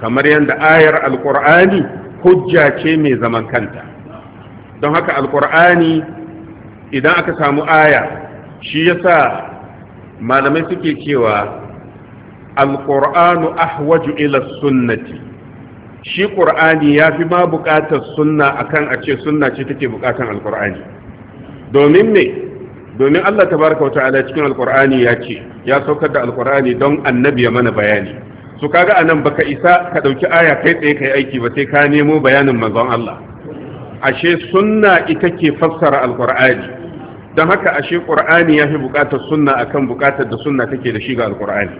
kamar yadda ayar alkur'ani hujja ce mai zaman kanta don haka alkur'ani idan aka samu aya shi yasa malamai suke cewa alkur'anu ahwaju ila sunnati shi ƙur'ani ya fi ma buƙatar sunna akan a ce sunna ce take buƙatar alkur'ani domin ne domin Allah tabaraka wa ta'ala cikin alkur'ani ya ce ya saukar da alkur'ani don annabi ya mana bayani su kaga anan baka isa ka dauki aya kai tsaye kai aiki ba sai ka nemo bayanin manzon Allah ashe sunna ita ke fassara alkur'ani don haka ashe qur'ani ya fi bukatar sunna akan bukatar da sunna take da shi ga alkur'ani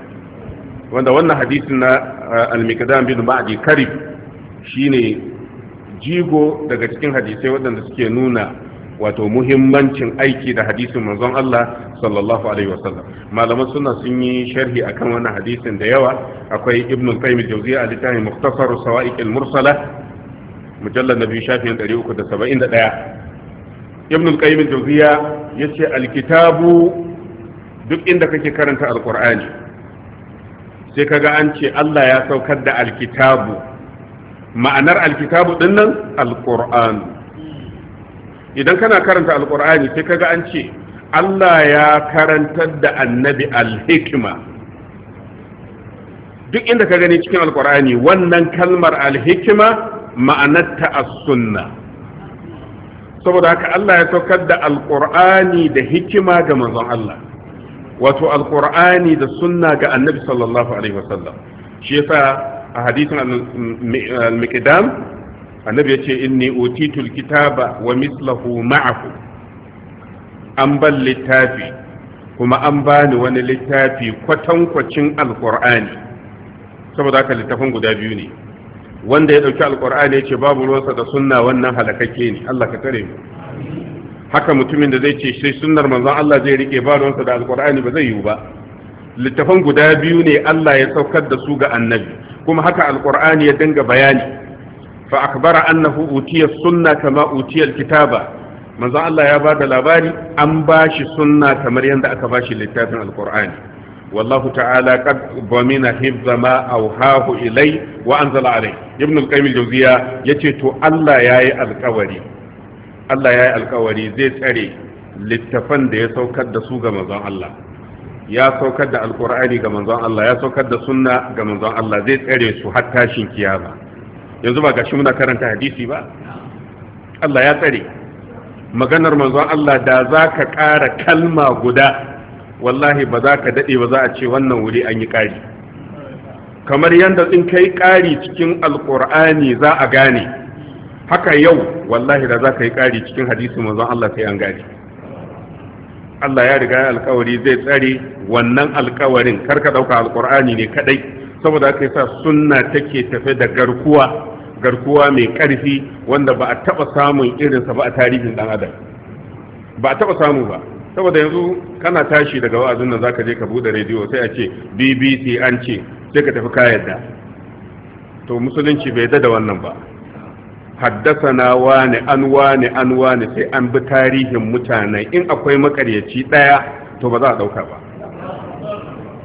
wanda wannan hadisin na uh, al-miqdam bin ma'di karib shine jigo daga cikin hadisai waɗanda suke nuna wato muhimmancin aiki da hadisin manzon Allah sallallahu alaihi wasallam malaman suna sun yi sharhi akan wannan hadisin da yawa akwai ibn al-qayyim al-jawziyya a littafin mukhtasar sawa'iq al-mursala mujallal nabi shafin 371 ibn al-qayyim al-jawziyya yace al-kitabu duk inda kake karanta al-qur'ani sai kaga an ce Allah ya saukar da al-kitabu ma'anar al-kitabu dinnan al-qur'an idan kana karanta alkur'ani sai kaga an ce Allah ya karantar da annabi alhikima duk inda ka gani cikin alkur'ani wannan kalmar alhikima ma'anarta as-sunna saboda haka Allah ya saukar da alkur'ani da hikima ga manzon Allah wato alkur'ani da sunna ga annabi sallallahu alaihi wasallam shi yasa a hadisin al annabi ya ce inni utitul kitaba wa mislahu ma'ahu an ban littafi kuma an bani wani littafi kwatankwacin alkur'ani saboda haka littafin guda biyu ne wanda ya dauki alkur'ani ya ce babu ruwansa da sunna wannan halakakke ne Allah ka tare mu haka mutumin da zai ce sai sunnar manzon Allah zai rike ba ruwansa da alkur'ani ba zai yiwu ba Littafin guda biyu ne Allah ya saukar da su ga annabi kuma haka alkur'ani ya danga bayani fa akbara annahu utiyar sunna kama utiya alkitaba manzo Allah ya da labari an shi sunna kamar yadda aka shi littafin Alkur'ani. wallahu ta'ala qad bamina hifza ma ilai wa anzala alai ibn al-qayyim al-jawziya yace to Allah yayi alkawari Allah zai tsare littafan da ya saukar da su ga manzon Allah ya saukar da alkur'ani ga manzon Allah ya saukar da sunna ga manzon Allah zai tsare su har tashin kiyama yanzu ba ga shi muna karanta hadisi ba Allah ya tsare maganar manzon Allah da za ka ƙara kalma guda wallahi ba za ka daɗe ba za a ce wannan wuri an yi ƙari kamar yadda in kai ƙari cikin alƙur'ani za a gane haka yau wallahi da za ka yi ƙari cikin hadisi manzon Allah sai an gane Allah ya riga alƙawari zai tsare wannan alkawarin ka ɗauka alƙur'ani ne kaɗai saboda aka yasa sunna take tafe da garkuwa garkuwa mai karfi wanda ba a taba samun irinsa ba a tarihin dan adam ba a taba samu ba saboda yanzu kana tashi daga wa'azin nan zaka je ka bude rediyo sai a ce BBC an ce sai ka tafi ka yadda to musulunci bai da wannan ba haddasana wane an wane an wane sai an bi tarihin mutane in akwai makaryaci daya to ba za a dauka ba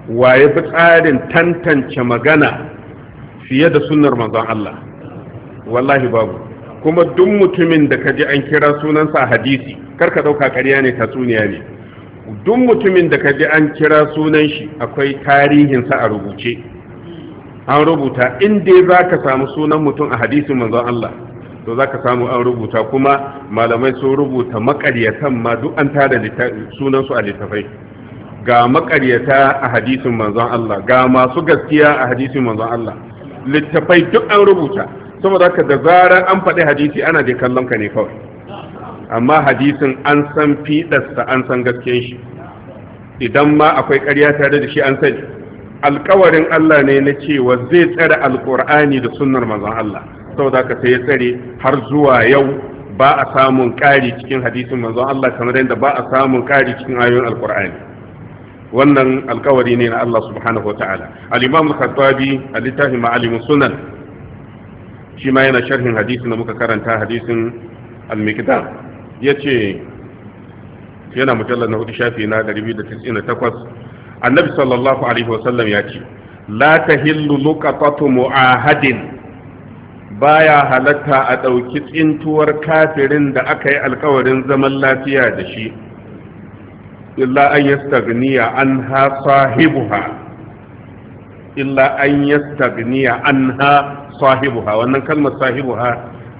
waye fi tsarin tantance magana fiye da sunar manzon Allah wallahi babu kuma duk mutumin da kaji an kira sunansa hadisi karka dauka ƙarya ne tatsuniya ne duk mutumin da kaji an kira sunan shi akwai tarihinsa a rubuce an rubuta in dai za ka samu sunan mutum a hadisin manzon Allah to za ka samu an rubuta kuma malamai sun rubuta makaryatan ma duk an tada sunansu a littafai ga makaryata a hadisin manzon Allah ga masu gaskiya a hadisin manzon Allah littafai duk an rubuta saboda ka da zarar an faɗi hadisi ana da kallon ka ne kawai amma hadisin an san fiɗarsa an san gaskiyan shi idan ma akwai ƙarya tare da shi an sani alkawarin Allah ne na cewa zai tsare alkur'ani da sunnar manzon Allah saboda ka sai ya tsare har zuwa yau ba a samun ƙari cikin hadisin manzon Allah kamar yadda ba a samun ƙari cikin ayoyin alkur'ani wannan alkawari ne na Allah subhanahu wataala al-imam al-khattabi a littafin ma'alim sunan shi ma yana sharhin hadisin da muka karanta hadisin al-miqdam yace yana mujallar na hudu shafi na 298 annabi sallallahu alaihi wasallam ya ce la tahillu luqatatu mu'ahadin baya halatta a ɗauki tsintuwar kafirin da aka yi alkawarin zaman lafiya da shi illa an yastagniya ha sahibuha illa an yastagniya ha sahibuha wannan kalmar sahibuha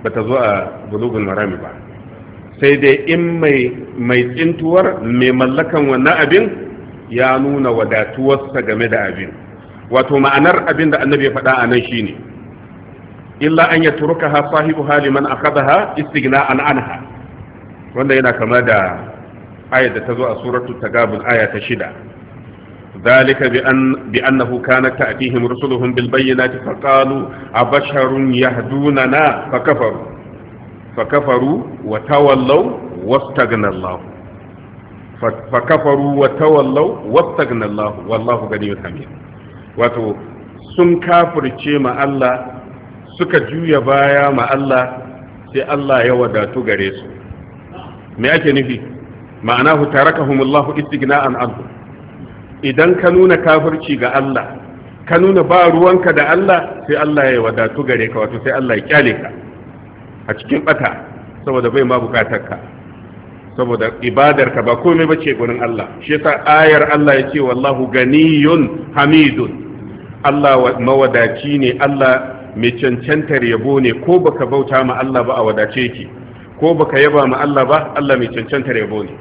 bata zo a bulugul marami ba sai dai in mai mai tsintuwar mai mallakan wannan abin ya nuna wadatuwarsa game da abin wato ma'anar abin da annabi ya faɗa a nan shine illa an yatrukaha sahibuha liman akhadaha an anha wanda yana kama da ayat da ta zo a suratu tagabun aya ta shida ذلك بأن بأنه كانت تأتيهم رسلهم بالبينات فقالوا أبشر يهدوننا فكفروا فكفروا وتولوا واستغنى الله فكفروا وتولوا واستغنى الله والله غني حميد wato sun kafirce ma Allah suka juya baya ma Allah sai Allah ya wadatu gare su me ake nufi ma'anahu tarakahumullahu istighna'an anhu idan ka nuna kafirci ga Allah ka nuna ba ruwanka da Allah sai Allah ya wadatu gare ka wato sai Allah ya kyale ka a cikin bata saboda bai ma bukatar ka saboda ibadar ka ba komai bace gurin Allah shi yasa ayar Allah ya ce wallahu ganiyun hamidun Allah mawadaci ne Allah mai cancantar yabo ne ko baka bauta ma Allah ba a wadace ki ko baka yaba ma Allah ba Allah mai cancantar yabo ne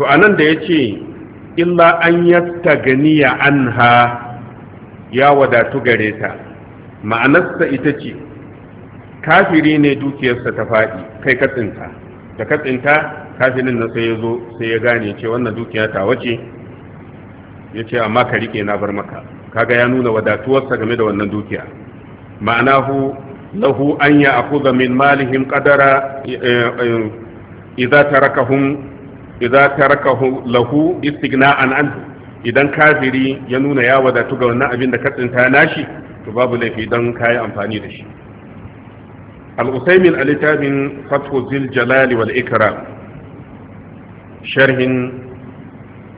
to anan da yace illa an ganiya anha ya wadatu gare ta ma'anarsa ita ce kafiri ne dukiyarsa ta faɗi kai katsinta da katsinta kafirin nan sai ya zo sai ya gane ce wannan dukiya ta wace ya ce amma ka rike na bar maka kaga ya nuna wadatuwarsa game da wannan dukiya ma'anahu lahu an ya akuza min malihim qadara eh, eh, idza tarakahum idza tarakahu lahu istighna'an anhu idan kafiri ya nuna ya wadatu ga wannan abin da ka tsinta nashi to babu laifi don kayi amfani da shi al-usaymin al-litabin fathu zil jalali wal ikram sharhin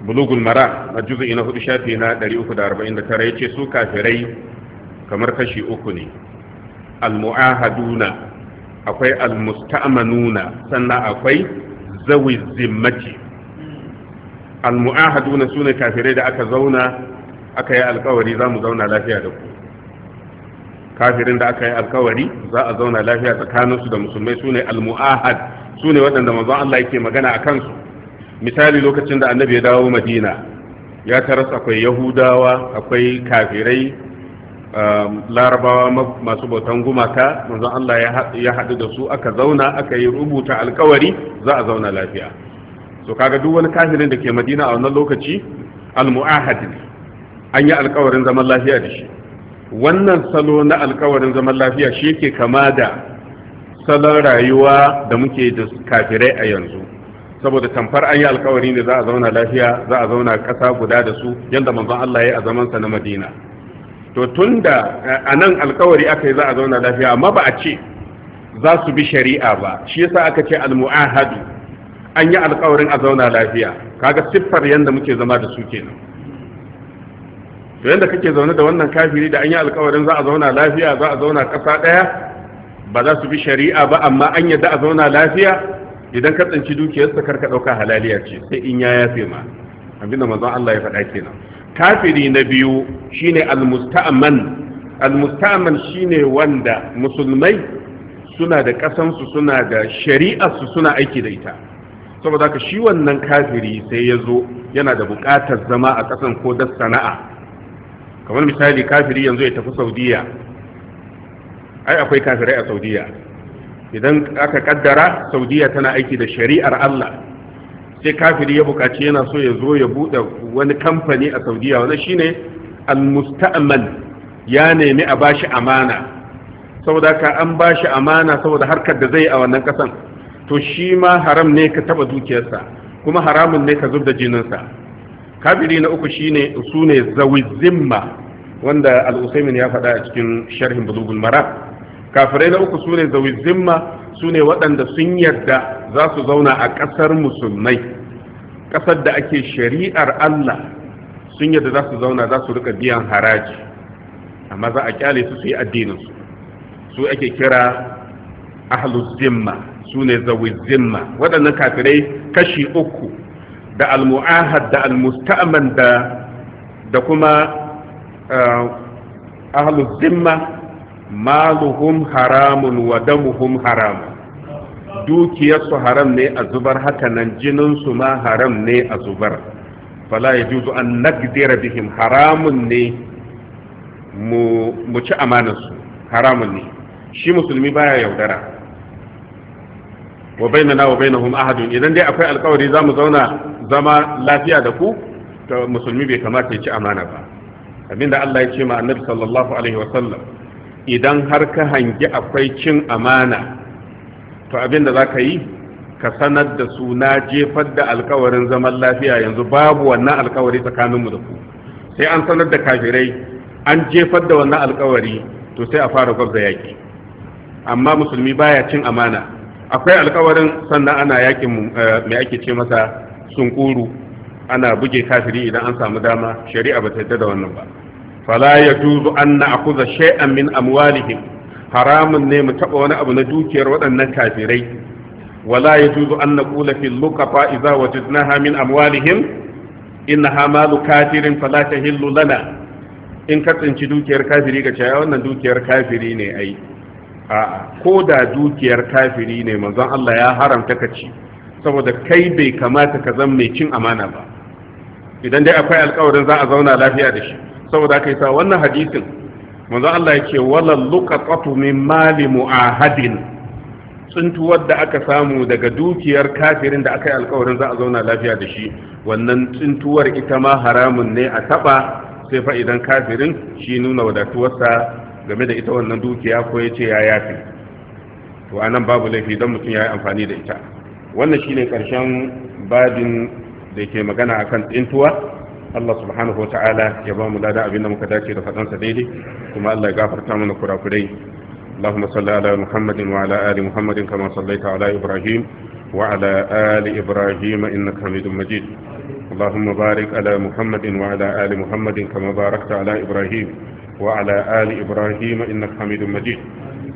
bulugul mara a juz'i na hudu shafi na 349 yace su kafirai kamar kashi uku ne al-mu'ahaduna akwai al-musta'manuna sannan akwai zawi zimmati almu'ahaduna sune kafirai da aka zauna aka yi alkawari za mu zauna lafiya da ku kafirin da aka yi alkawari za a zauna lafiya tsakaninsu da musulmai sune almu'ahad sune waɗanda manzon Allah yake magana a kansu misali lokacin da annabi ya dawo madina ya taras akwai yahudawa akwai kafirai Um, larabawa masu bautan gumaka manzon Allah ya haɗu da su aka zauna aka yi rubuta alkawari za a zauna lafiya so kaga duk wani kafirin da ke madina a wannan lokaci almu'ahad ne an yi alkawarin zaman lafiya da shi wannan salo na alkawarin zaman lafiya shi yake kama da salon rayuwa da muke da kafirai a yanzu saboda tamfar an yi alkawari ne za a zauna lafiya za a zauna ƙasa guda da su yadda manzon Allah ya yi a zamansa na madina to tunda eh, a nan alkawari aka yi za a zauna lafiya amma ba a ce za su bi shari'a ba shi yasa aka ce almu'ahadu an yi alkawarin a zauna lafiya kaga siffar yanda muke zama da su kenan to yanda kake zaune da wannan kafiri da an yi alkawarin za a zauna lafiya za a zauna ƙasa ɗaya ba za su bi shari'a ba amma an yadda a zauna lafiya idan ka tsinci dukiyarsa karka ɗauka halaliya ce sai in ya yafe ma abinda manzon Allah ya faɗa kenan kafiri na biyu shine almusta'man almusta'man shine wanda musulmai suna da kasansu suna da shari'arsu suna aiki da ita saboda ka shi wannan kafiri sai yazo yana da buƙatar zama a ƙasan ko da sana'a kamar misali kafiri yanzu ya tafi saudiya ai akwai kafirai a saudiya idan aka kaddara saudiya tana aiki da shari'ar allah sai kafiri ya bukaci yana so ya zo ya bude wani kamfani a saudiya wannan shine al-musta'mal ya nemi a bashi amana saboda ka an bashi amana saboda harkar da zai a wannan kasan to shi ma haram ne ka taba dukiyarsa kuma haramun ne ka zub da jininsa kafiri na uku shine su ne zimma wanda al-usaimin ya faɗa a cikin sharhin bulugul mara kafirai na uku su ne zimma su ne waɗanda sun yarda za su zauna a ƙasar musulmai ƙasar da ake shari'ar Allah sun yarda za su zauna za su rika biyan haraji amma za a kyale su su yi addininsu su ake kira ahlus zimma su ne zawi zimma waɗannan kafirai kashi uku da almu'ahad da almusta'man da kuma eh, ahlus zimma maluhum haramun wa damuhum haramun dukiyarsu haram ne a zubar haka nan jininsu ma haram ne a zubar fala ya juzu an nagdira bihim haramun ne mu ci amanarsu haramun ne shi musulmi baya yaudara wa bainana wa bainahum ahadun idan dai akwai alkawari za mu zauna zama lafiya da ku to musulmi bai kamata ya ci amana ba abinda Allah ya ce ma annabi sallallahu alaihi wa sallam idan har ka hangi akwai cin amana to abin da za ka yi ka sanar da su na jefar da alkawarin zaman lafiya yanzu babu wannan alkawari tsakaninmu da ku sai an sanar da kafirai an jefar da wannan alkawari to sai a fara gwabza yaƙi amma musulmi baya cin amana akwai alkawarin sannan ana yaƙin mai eh, ake ce masa sunkuru ana buge kafiri idan an samu dama shari'a ba ta yadda da wannan ba fala yajuzu an na'khudha shay'an min amwalihim haramun ne mu taba wani abu na dukiyar waɗannan kafirai wala yajuzu an naqula fil luqata idza wajadnaha min amwalihim innaha malu kafirin fala tahillu lana in tsinci dukiyar kafiri ga cewa wannan dukiyar kafiri ne ai a'a ko da dukiyar kafiri ne manzon Allah ya haramta ka ci saboda kai bai kamata ka zama mai cin amana ba idan dai akwai alkawarin za a zauna lafiya da shi saboda aka yi sa wannan hadisin manzo Allah yake wala luqatu min mali muahadin tsintuwar da aka samu daga dukiyar kafirin da aka yi alkawarin za a zauna lafiya da shi wannan tsintuwar ita ma haramun ne a taba sai fa idan kafirin shi nuna wadatuwarsa game da ita wannan dukiya ko ya ce ya yafi to a nan babu laifi don mutum ya yi amfani da ita wannan shine karshen babin da ke magana akan tsintuwa Allah subhanahu wa ta'ala ya ba mu lada abin da muka dace da faɗansa daidai kuma Allah ya gafarta mana kurakurai اللهم صل على محمد وعلى آل محمد كما صليت على إبراهيم وعلى آل إبراهيم إنك حميد مجيد اللهم بارك على محمد وعلى آل محمد كما باركت على إبراهيم وعلى آل إبراهيم إنك حميد مجيد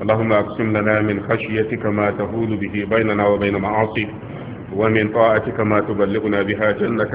اللهم أقسم لنا من خشيتك ما تهول به بيننا وبين معاصيك ومن طاعتك ما تبلغنا بها جنتك